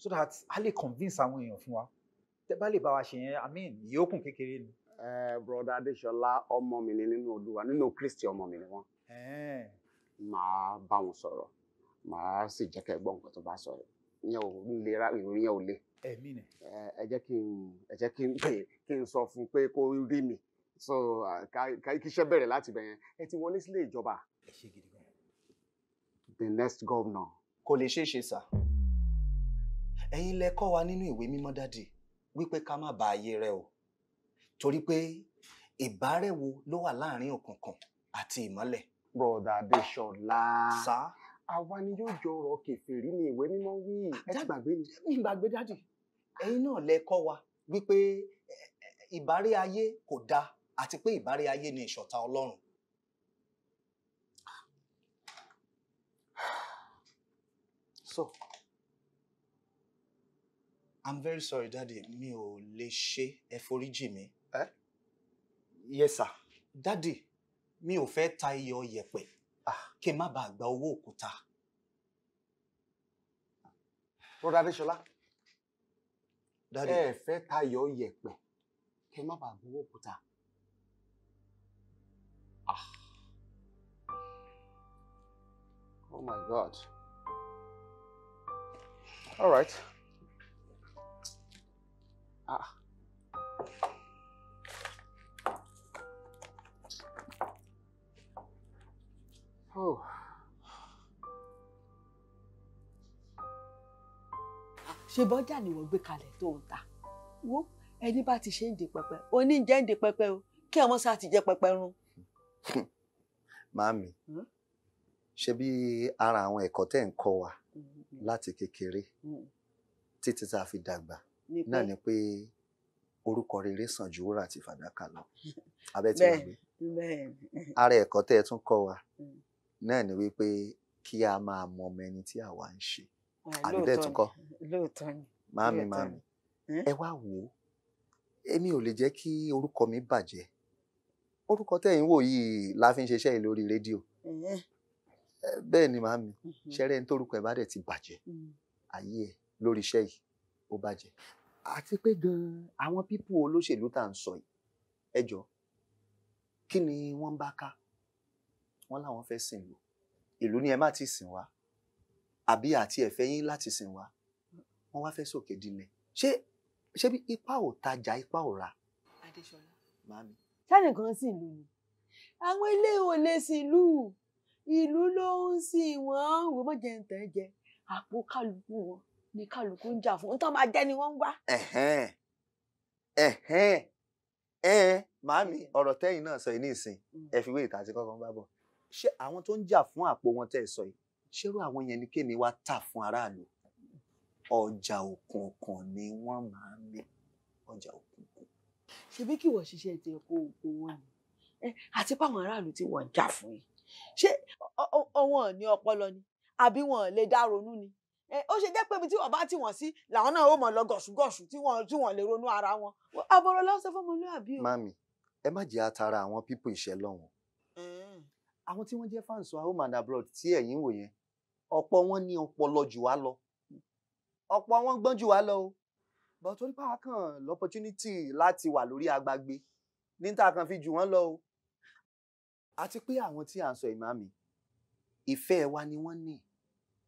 so that a lè convince àwọn èèyàn fún wa tẹ bá lè bá wa ṣe yẹn i mean ìyókùn kékeré ni. Eh, broda Adéṣọlá ọmọ mi ni nínú Olúwa nínú Kristi ọmọ mi ni wọn màá bá wọn sọ̀rọ̀ màá sì jẹ́ kẹ́ gbọ́ nǹkan tó bá sọ̀rọ̀ ìyẹn ìròyìn yẹn ò lè ẹ̀mí ni. ẹ jẹ́ kí n ẹ jẹ́ kí n kí n sọ fún pé kó rí mi so kí iṣẹ́ bẹ̀rẹ̀ láti bẹ̀ yẹn ẹ ti wọlé sílé ìjọba. ẹ ṣe gidi gan. the next governor. kò lè ṣeé ṣe sà ẹ̀yin lẹ kọ́ wa nínú ìwé mímọ́ dáàdì wípé ká má ba ayé rẹ o torí pé ìbárẹ̀wò ló wà láàrin òkùnkùn àti ìmọ́lẹ̀. broda Adéṣọlá. sá. àwa ni yóò jọ ọ̀rọ̀ kèfèrí ni ìwé mímọ́ wí. ẹ ti gbàgbé ni. mi gbàgbé dáàdì ẹ̀yin náà lẹ kọ́ wa wípé ìbárí ayé kò dáa àti pé ìbárí ayé ni ìṣọ̀tá ọlọ́run. so i'm very sorry daddy mi o lè ṣe ẹ foríjì mi. Eh? yes sir. daddy mi ò fẹ́ ta iyọ̀ yẹ̀pẹ̀ ah. kí n má bàa gba owó òkúta. rọ́dà adéṣọlá ẹ fẹ́ tayọ̀ yẹ̀pẹ̀ kẹ má bàa gbowó òkúta. Ah. Oh my God. All right. Ah. Oh. ṣe bọ́jà ni wọ́n gbé kalẹ̀ tó ń ta wo ẹni bá ti ṣe ń di pẹpẹ oníjẹ ń di pẹpẹ o kí ọmọ sá ti jẹ pẹpẹ run. màámi hmm? ṣe bí ara àwọn ẹ̀kọ́ tẹ́ ń kọ́ wa hmm. láti kékeré hmm. títí tá a fi dàgbà náà ni pé orúkọ rere sàn ju wúrà àti fàdákà lọ abẹ́ tí wọ́n gbé ara ẹ̀kọ́ tẹ́ ẹ tún kọ́ wa náà ni wípé kí a máa mọ ọmọ ẹni tí àwa ń ṣe àbí bẹ́ẹ̀ tún kọ́ màámi màámi ẹ wá wò ó èmi ò lè jẹ́ kí orúkọ mi bàjẹ́ orúkọ tẹ̀yìn wò yìí la fi ń ṣiṣẹ́ yìí lórí rédíò bẹ́ẹ̀ ni màámi mhm. ṣẹ́rẹ́ ní torúkọ ẹ̀ bá dẹ̀ ti bàjẹ́ mm. ayé ẹ̀ lórí iṣẹ́ yìí ó bàjẹ́ àti pé gan-an àwọn pípù olóṣèlú tá à ń sọ yìí ẹ jọ kí ni wọ́n bá ká wọ́n láwọn fẹ́ sìn lò ìlú ni ẹ má ti sìn wá àbí àti ẹ̀fẹ́ yín láti sìn wá wọ́n wá fẹ́ sòkè dilẹ̀ ṣé ṣé bí ipa ò tajà ipa ò rà. Adéṣọlá màmí. sáni kan sì lù ní àwọn ilé ò lè sí ìlú ìlú ló ń sìn wọn wò mọ jẹ ntẹ jẹ àpò kálukú wọn ni kálukú ń jà fún un tán máa jẹ ni wọn ń wá. ẹhẹn ẹhẹn ẹ náà sọ yìí ní ìsìn mm. ẹ fi wé ìta àti bá bọ ṣé àwọn tó ń jà fún àpò wọn tẹ ẹ sọ yìí ṣerú àwọn yẹn ni kémi wá tà fún aráàlú ọjà òkùnkùn ni wọ́n máa ń lé ọjà òkùnkùn. ṣebí kí wọ́n ṣiṣẹ́ ti ẹ̀kọ́ òkú wọn ni àti páwọn aráàlú tí wọ́n ń jà fún yìí ṣé wọn ní ọpọlọ ni àbí wọn lè dá ronú ni ó ṣe jẹ́ pé ibi tí wọ́n bá tì wọ́n sí làwọn náà ó mọ̀ lọ gọ̀ṣúgọ̀ṣú tí wọ́n lè ronú ara wọn àbọ̀rọ̀ lọ́sẹ̀ fọmọlúwàbí o. mami ẹ má jẹ́ àtàrà àwọn pípọ̀ ìṣẹ́ lọ́wọ́ àwọn tí wọ́n jẹ́ fáǹsọ home and abroad tí ẹ̀yin wò yẹn ọ̀pọ̀ wọn ni ọpọlọ jù wá lọ ọ̀pọ̀ wọn gbọ́n jù wá lọ o but torí pa kàn lọ́pọ̀tunity láti wà lórí agbágbé níta kan fi jù wọ́n lọ o àti pé àwọn tí à ń sọ ìmáàmì ìfẹ́ wa ni wọ́n ní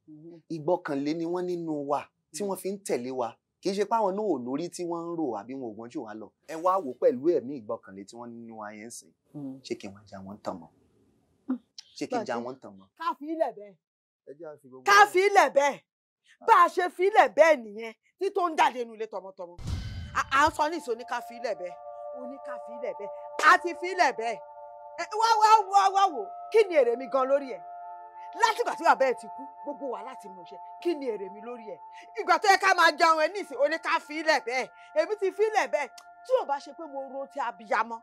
mm-hmm. ìgbọ́kànlé ni wọ́n nínú wa tí wọ́n mm-hmm. fi ń tẹ̀lé wa kì í ṣe páwọn náà ò lórí tí wọ́n ń rò àbí wọn ò gbọ́n jù wá lọ ẹ wá wò pẹ̀lú ẹ̀mí ìgbọ́kànlé tí wọ́n nínú wa yẹn sìn mm. ṣé kí wọ́n já wọn tàn mọ́ ṣé kí n já wọn tàn mọ́. ká bẹ́ẹ̀ ká fi ilẹ̀ bẹ́ẹ̀ ah. bá a ṣe fi ilẹ̀ bẹ́ẹ̀ nìyẹn tí tó ń jáde nu ilé tọmọtọmọ à ń sọ ní ìsọ oníká fi ilẹ̀ bẹ́ẹ̀ oníká fi ilẹ̀ bẹ́ẹ̀ a ti fi ilẹ̀ bẹ́ẹ̀ wá wá wá wá wò kí ni èrè mi gan lórí ẹ̀ látìgbà tí bàbá ẹ ti kú gbogbo wa láti mú ṣe kí ni èrè mi lórí ẹ̀ ìgbà tó yẹ ká máa jẹun ẹ nísìn oníká fi ilẹ̀ bẹ́ẹ̀ èmi ti fi ilẹ̀ bẹ́ẹ̀ tí ò bá ṣe pé mo ro ti abiyamọ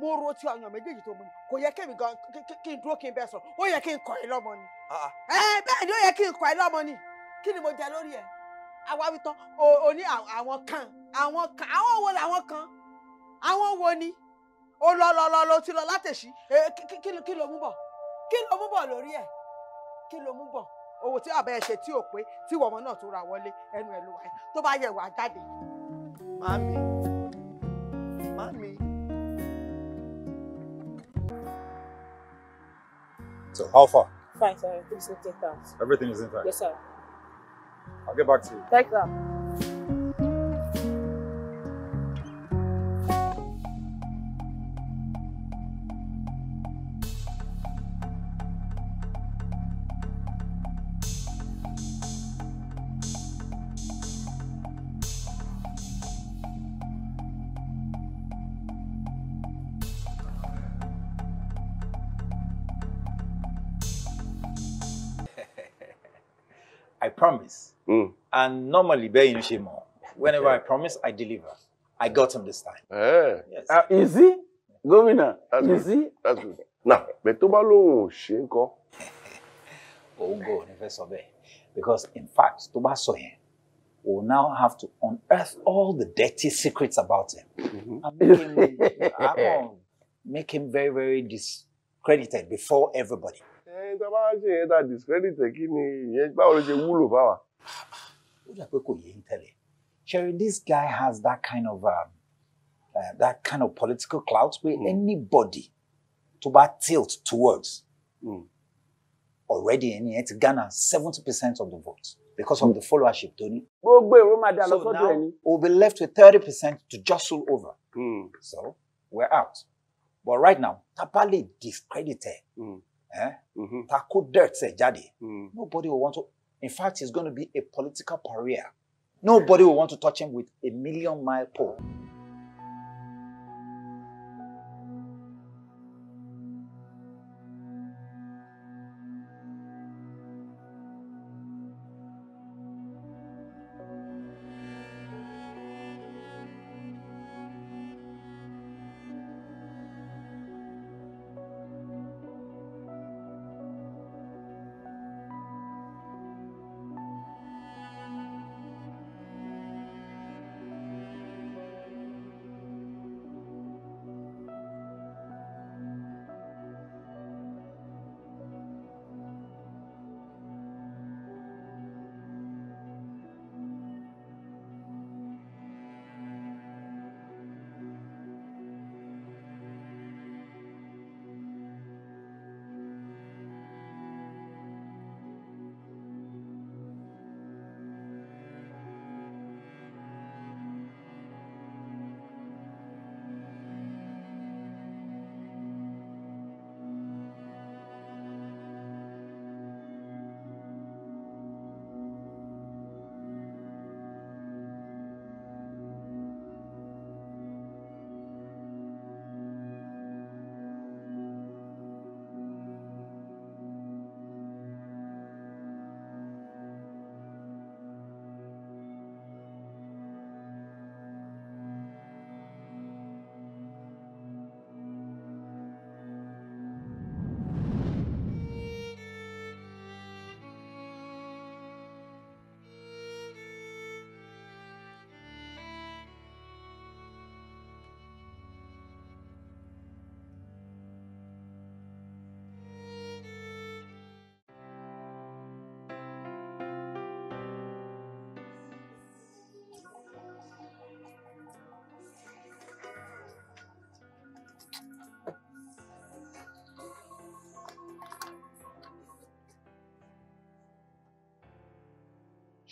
mo ro ti ọyàn méjèèjì tó mú ni kò yẹ kí n dúró kí n bẹ sọ ó yẹ kí n kọ ẹ lọ́mọ ni. Ah, ah. bẹ́ẹ̀ ni ó yẹ kí n kọ ẹ lọ́mọ ni kí ni mo jẹ lórí ẹ awáwí tán o àwọn kan àwọn kan àwọn wo làwọn kan àwọn wo ni o lọ lọ lọ lọ ti lọ látẹ̀sí kí ló mú bọ̀ kí ló mú bọ̀ lórí ẹ kí ló mú bọ̀ owó tí àbẹ̀ ẹ tí ò pé tí wọ̀mọ náà tó ra wọlé ẹnu ẹ ló wáyé tó bá yẹ wàá jáde. màmí màmí. So how far? Fine, sir. Please take that. Everything is intact. Yes, sir. I'll get back to you. Take that. And normally, bear in shame mọ̀. Whenever I promise, I deliver. I got him this time. Hey. Eh. Yes. Uh, ah, easy, gómìnà. That's easy. Good. That's good. Now, bẹ̀ tó bá lóun ò ṣe ń kọ́. Òun gbọ́ because in fact toba bá sọ we will now have to unearth all the dirty secrets about him mm-hmm. and make him, make him very very discredited before everybody. Ẹ eh, ta bá ṣe yẹn ta discredited kí ni ìyẹn Cherry, Sherry this guy has that kind of um, uh, that kind of political clout where mm. anybody tó bá tilt towards mm. already and yet ti garner seventy percent of the vote because of hmm. the followership Tony. so now we'll be left with thirty percent to jostle over. Mm. so we're out but right now tapa discredited. discredit ẹ. Mm. Eh? Mm-hmm. dirt ẹ jadi. Mm. nobody will want to in fact, he's going to be a political pariah. Nobody will want to touch him with a million mile pole.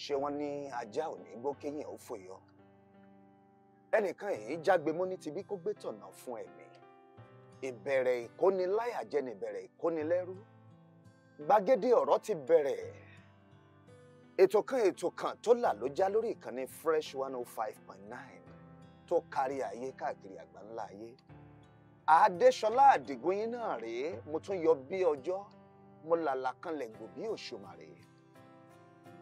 ṣé wọ́n ní ajá ò ní gbó kéèyàn ó fòyọ ẹnìkan yìí jágbe mọ́ ní tibí kó gbé tọ̀nà fún ẹ̀mí ìbẹ̀rẹ̀ ìkóniláyàjẹ ni ìbẹ̀rẹ̀ ìkónilẹ́rú gbàgede ọ̀rọ̀ ti bẹ̀rẹ̀ ètò kan ètò kan tó là ló já lórí ìkànnì fresh one oh five point nine tó kárí ayé káàkiri àgbáńlá ayé àdéṣọlá àdìgúnyín náà rèé mo tún yọ bí ọjọ́ mo làlà gbò bí òṣùmàrè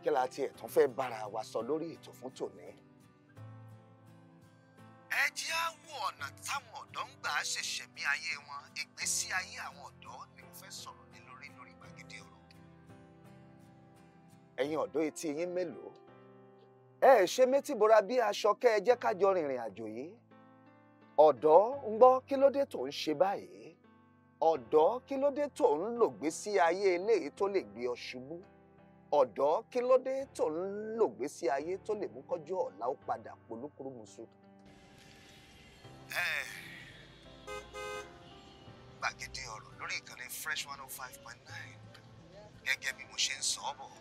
kí la tiẹ̀ tún fẹ́ bára wa sọ lórí ètò fún tòní. ẹ jẹ́ á wo ọ̀nà táwọn ọ̀dọ́ ń gbà ṣẹ̀ṣẹ̀mí ayé wọn ìgbésí ayé àwọn ọ̀dọ́ ni mo fẹ́ sọ̀rọ̀ lé lórí lórí gbàgede ọ̀rọ̀. ẹ̀yin ọ̀dọ́ etí yín mélòó ẹ ẹ ṣe méjìbora bí aṣọ kẹ ẹ jẹ́ ká rìnrìn àjò yìí ọ̀dọ́ ń gbọ́ kí ló dé tó ń ṣe báyìí ọ̀dọ́ kí ló dé tó ń lògbé sí ayé eléyìí tó lè gbé ọ ṣubú ọ̀dọ́ kí ló dé tó ń lògbésí ayé tó lè mú kọjú ọ̀la ó padà polúkúrúmuṣu. ẹ gbàgede ọ̀rọ̀ lórí ìkànnì fresh one oh five point nine gẹ́gẹ́ bí mo ṣe ń sọ ọ́ bọ̀.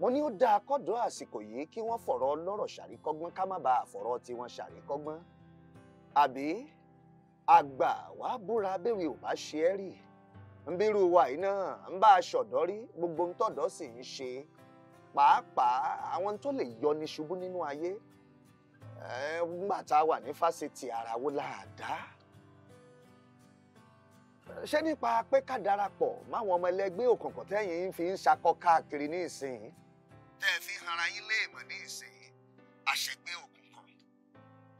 mo ní ó dáa kọ́dọ̀ àsìkò yìí kí wọ́n fọ̀rọ̀ ọlọ́rọ̀ ṣàríkọ́gbọ́n ká má bàa fọ̀rọ̀ tiwọn ṣàríkọ́gbọ́n àbí àgbà wàá búra bẹ́ẹ̀ wí ò bá ṣe é rí ń bírú wa yìí náà ń bá a ṣọ̀dọ́ rí gbogbo ń tọ̀dọ́ sì ń ṣe pàápàá àwọn tó lè yọni ṣubú nínú ayé nígbà tá a wà ní fásitì ara wo láàdá ṣé nípa pé ká darapọ̀ máwọn ọmọ ẹlẹgbẹ́ òkànkàn tẹ́yìn fi ń ṣakọ káàkiri ní ìsìn tẹ́ ẹ fi hanra yín léèmọ̀ ní ìsìn àṣẹgbẹ́ òkùnkàn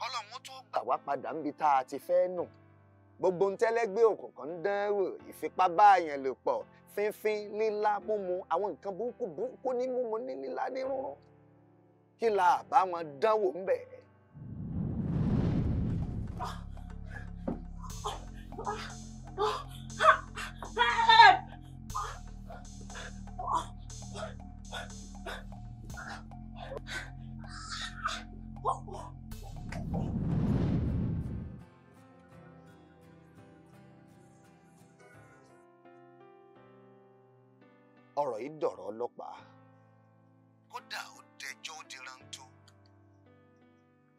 ọlọ́run tó gbà wá padà níbi tá a ti fẹ́ nù. No gbogbo ń tẹ́lẹ́gbẹ́ òkùnkàn ń dán wò ìfipá bá àyàn lò pọ̀ fínfín lílá múmu àwọn nǹkan burúkú burúkú ní múmu ní lílá ní rúnrún kí la bá wọn dánwò ń bẹ̀. Ah! ah! ah! ah! ọ̀rọ̀ yìí dọ̀rọ̀ ọlọ́pàá kódà ó dẹjọ́ ó di ranto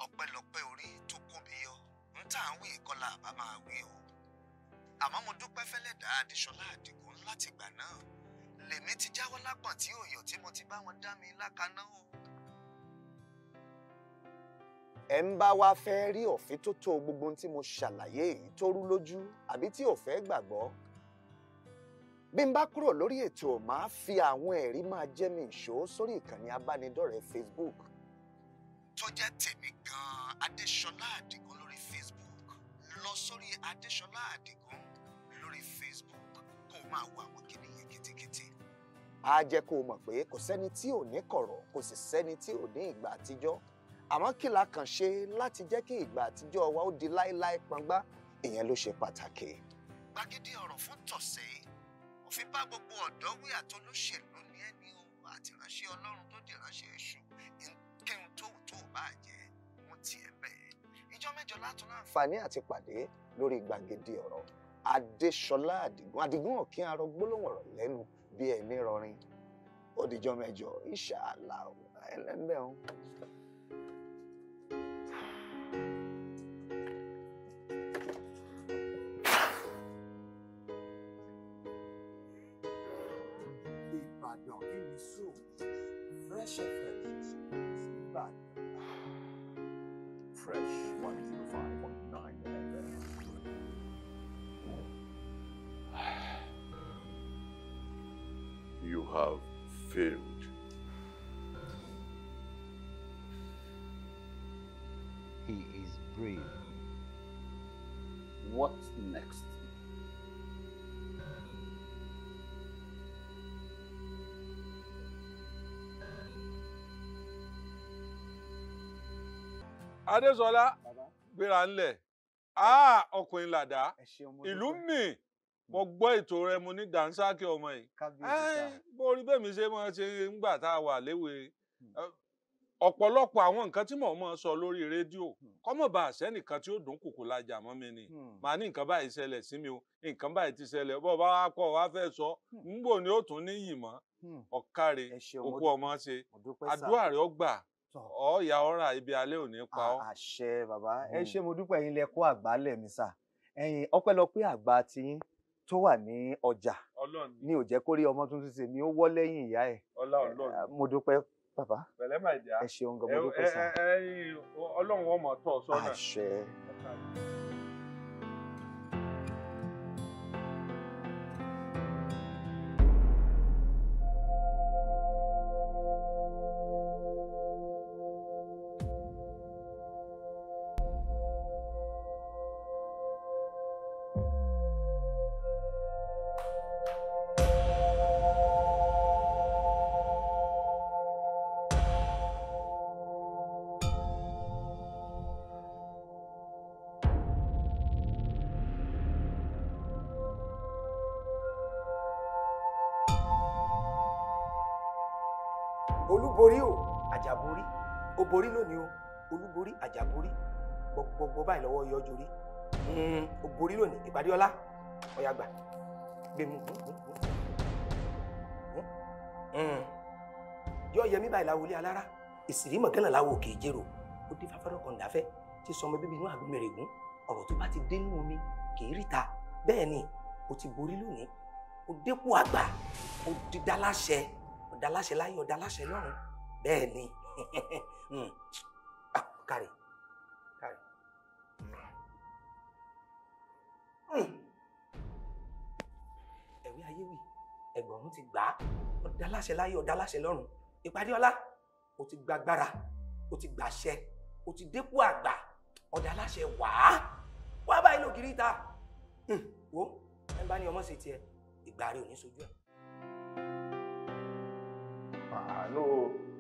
ọpẹ́lọpẹ́ orí tó kún mi yọ ń tà ń wí ìkọlà àbá máa wí o àmọ́ mo dúpẹ́ fẹ́lẹ́dà Adéṣọlá Àdìgún látìgbà náà lèmi ti jáwọ́ lápọ̀n tí òòyọ̀ tí mo ti bá wọn dá mi lákaná o. ẹ ń bá wa fẹ́ rí ọ̀fín tó tó gbogbo ohun tí mo ṣàlàyé èyí tó rú lójú àbí tí ò fẹ́ gbàgbọ́ bí n bá kúrò lórí ètò màá fi àwọn ẹ̀rí máa jẹ́ mi ìṣó sórí ìkànnì abánidọ́rẹ̀ẹ́ Facebook tó jẹ́ tèmi gan-an Adéṣọlá Àdìgún lórí Facebook lọ sórí Adéṣọlá Àdìgún lórí Facebook kó o máa wo àwọn kìnìyàn kìtìkìtì. a jẹ́ kó o mọ̀ pé kò sẹ́ni tí ò ní kọ̀rọ̀ kò sì sẹ́ni tí ò ní ìgbà àtijọ́ àmọ́ kí la kàn ṣe láti jẹ́ kí ìgbà àtijọ́ wa ó di láéláé pangbá ìyẹn ló ṣe pàtàkì. gbàgede ọ̀rọ̀ fún tọ̀sẹ̀ mo fi bá gbogbo ọ̀dọ́ wí àtolóṣèlú ní ẹni ohun àtìránṣẹ́ ọlọ́run tó dìránṣẹ́ èṣù kéhun tóhun tó bá jẹ́ wọ́n ti ẹ̀ bẹ́ẹ̀. ìjọ mẹ́jọ látún láǹfààní àti pàdé lórí gbàgede ọ̀rọ̀ adéṣọlá àdìgún àdìgún ọ̀kín arọ gbólóhùn ọ̀rọ̀ lẹ́nu bí ẹni rọrin ó dìjọ mẹ́jọ inshallah ẹlẹ́ńbẹ̀ Fresh Back. Fresh 105.9 FM. You have failed. Adéṣọlá gbéra ńlẹ̀ ah ọkùnrin làdá ìlú mi hmm. mo gbọ́ ètò rẹ mo ní dànsákì ọmọ yìí bó rí bẹ́mi ṣe máa ṣe ńgbà tá a wà léwe hmm. ọ̀pọ̀lọpọ̀ àwọn nǹkan tí mò ń mọ̀ sọ lórí rédíò hmm. kọ́mọ̀ bá àṣẹ́nìkan tí ó dùn kùkù lajà mọ́ mi ni màá ní nǹkan báyìí ṣẹlẹ̀ sí mi o nǹkan báyìí ti ṣẹlẹ̀ bọ́ bá wá kọ́ wá fẹ́ sọ nígbò ni ó tún níyì mọ́ òkú ọmọ ṣe àdúrà rẹ̀ ó ọ̀ọ́yà ọ̀rà ibi alẹ́ ò ní pa ọ́. àṣẹ bàbá ẹ ṣé mo dúpẹ́ yín lẹ kó àgbálẹ̀ mi sà ẹ̀yin ọpẹ́lọpẹ́ àgbà tiyín tó wà ní ọjà ní ò jẹ́ kó rí ọmọ tuntun tèmi ó wọ́ lẹ́yìn ìyá ẹ̀ mo dúpẹ́ bàbá ẹ ṣeun gan mo dúpẹ́ sà. ọlọ́run ọmọ tọ̀ sọ́nà. àṣẹ. borí lónìí o olúborí àjàborí gbọgbọgbọ báyìí lọ́wọ́ yọjú rí hmm, o borí lónìí ìpàdé ọlá ọ̀yà gbà gbé mu hmm, hmm. yọ yẹmí báyìí láwọlé alára ìsìrí mọ̀kànlá láwọ òkè ìjẹ́rò ó dé fáfárọ̀ kan dáfẹ́ tí sọmọ bíbí inú àgbọ̀mẹ̀rẹ̀gùn ọ̀rọ̀ tó bá ti dé nínú omi kì í ríta bẹ́ẹ̀ ni o ti borí lónìí o dépò àgbà o dídá láṣẹ ọ̀dá láṣẹ láyé ọ̀dá láṣẹ lọ́run bẹ́ẹ̀ ni kárí kárí. ẹ̀wí ayé wì ẹ̀gbọ̀n ti gbà á ọ̀dà láṣẹ láyé ọ̀dà láṣẹ lọ́run ìpàdé ọlá o ti gbàgbára o ti gbàṣẹ o ti dépò àgbà ọ̀dà láṣẹ wàá wá báyìí lògiri ta hmm, wo ẹ bá ní ọmọ sí tiẹ ìgbà rẹ ò ní sojú ẹ. àánú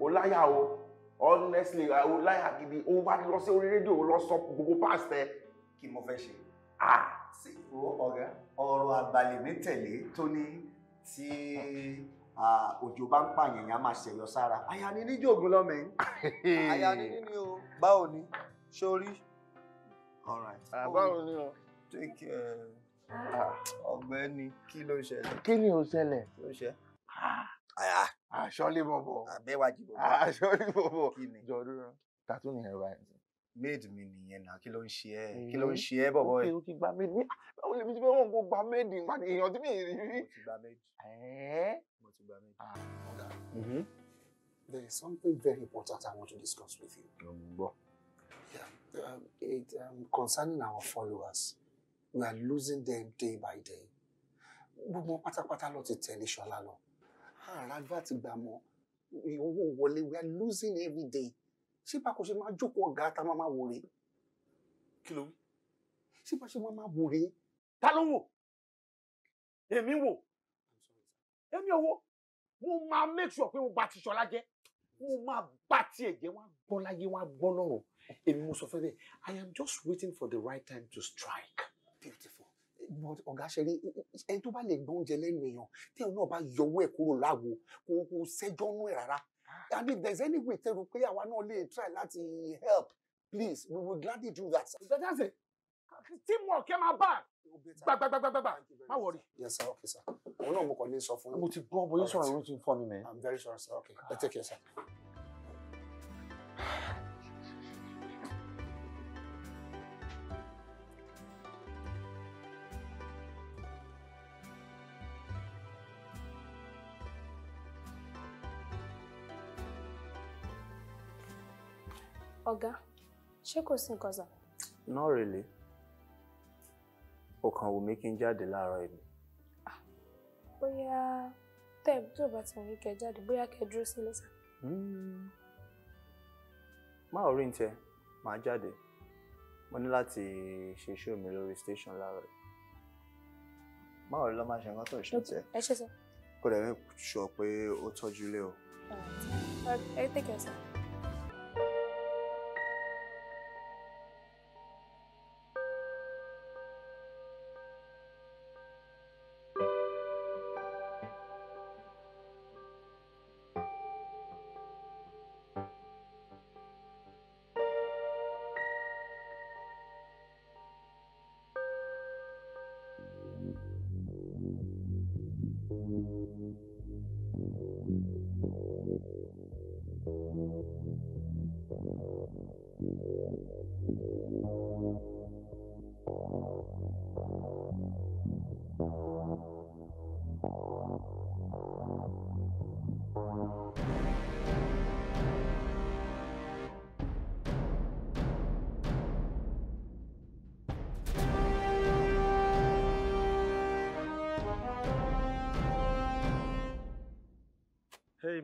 o láyà o honestly I àwọn láyà to ó wá lọ sí orí rédíò lọ sọ gbogbo past ẹ. kí mo fẹ́ ṣe. ah sí ìwọ ọ̀gá ọ̀rọ̀ àgbàlẹ̀mí tẹ̀lé tó ní tí òjò bá ń pààyàn yẹn á máa ṣẹ̀yọ sára. àyà ni níjòògùn lọ́mọ ẹ̀. àyà ni níní o báwo ni sórí. báwo ni o. take care. Ah. ọ̀gbẹ́ni kí ló ṣẹlẹ̀. kí ni ó ṣẹlẹ̀. kí ló ṣẹlẹ̀. àyà. Ah àṣọlé bọ̀bọ̀ àbẹ́wájú bọ̀bọ̀ àṣọlé bọ̀bọ̀ jọ dúró tàtú ni ẹ̀rọ àìsàn. maid mi nìyẹn náà kí ló ń ṣe ẹ kí ló ń ṣe ẹ bọ̀bọ̀ yìí. òkè gba maid mi báwo lèmi ti fẹ́ wọ́n kó gba maid nípa mi ì rí rí. mo ti gba maid. mo ti gba maid. Ah, mm-hmm. there is something very important I want to discuss with you. mo ń Yeah, um, it um, concerning our followers, we are losing them day by day. Gbogbo pátápátá ló ti tẹ̀lé Ṣọlá lọ àràgbà ah, ti gbà mọ́ owó wọlé we are losing every day ṣé bá kò ṣe máa jókòó ọ̀gá ta máa máa wò rè kí ló wí ṣé bá ṣe máa máa wò rè ta ló wò èmi wò èmi owó mo máa make sure pé mo bá ti ṣọlá jẹ mo máa bá tiẹ̀ jẹ́ wọ́n á gbọ́ láyé wọ́n á gbọ́ lọ́rùn èmi mo sọ fẹ́ bẹ́ẹ̀ I am just waiting for the right time to strike but ọ̀gá ṣẹlẹ̀ ẹni tó bá lè gbọ́ oúnjẹ lẹ́nu èèyàn tí ẹni náà bá yọwọ́ ẹ̀ kúrò láwo kò kò sẹ́jọ́ nú ẹ̀ rárá mean, ah. if there's any way tẹ́lu pé àwa náà lè try láti help please we will gladly do that. ìgbàjá sè teamwork ẹ máa bá gbàgbàgbàgbàgbà má wọrí. yes sir okay sir òun náà mo kàn ní sọ fún yín. mo ti gbọ́ bóyá sọ̀rọ̀ ló ti fọ́ mi mẹ́. i'm very sorry sir okay I take care sir. ṣé kò sí nǹkan sà. not really ó kàn wù mí kí n jáde láàárọ̀ èmi. Ah, bóyá tẹ́ ẹ̀ tó bá ti wọ̀nyí kẹ́ jáde bóyá kẹ́ dúró sílé sà. Hmm. má ò rí ń tẹ màá jáde mo ní láti ṣe show mi lórí station láàárọ̀ yìí má ò rí lọ́ máa ṣe nǹkan tó ń ṣe tẹ kó dẹ̀ mí sọ pé ó tọ́jú ilé o. ẹ tẹ́kẹ̀ sọ.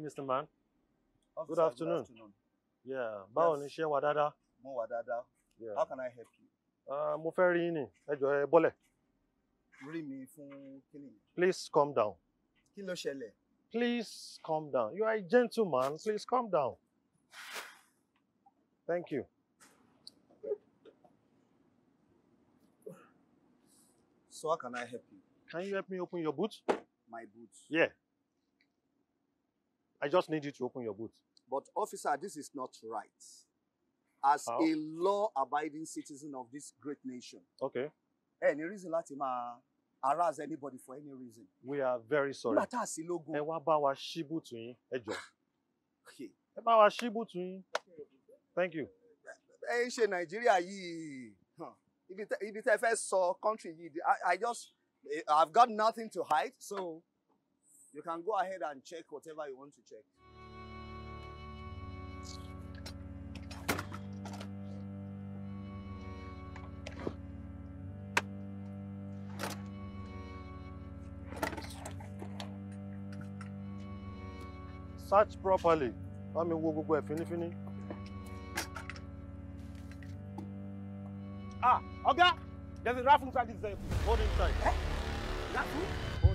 Mr. Man. Officer, good afternoon. Good afternoon. Yeah, báwo ni Mo wà Yeah. How can I help you? Uh, mo fẹ́ rí ni, ẹ jọ̀ọ́ ẹ bọ́lẹ̀. Rí mi fún kíni. Please calm down. Kí ló ṣẹlẹ̀? Please calm down. You are a gentleman. Please calm down. Thank you. So how can I help you? Can you help me open your boot? My boots. Yeah. I just need you to open your boot. But officer, this is not right. As How? a law-abiding citizen of this great nation. Okay. Any reason láti máa harass anybody for any reason. We are very sorry. Nígbà tá a sí lógo. Ẹ wá bá wa ṣí bùtù yín, ẹ jọ. Ẹ wa ṣí bùtù yín. Thank you. Ẹ Nigeria ṣe If yìí. Ibi tẹ́ fẹ́ sọ country yìí, I just, eh, I've got nothing to hide, so. You can go ahead and check whatever you want to check. Search properly. Bá mi wo gbogbo ẹ̀ fínífíní. Ah, okay. there's a raffle inside this Hold inside. Eh? Raffle?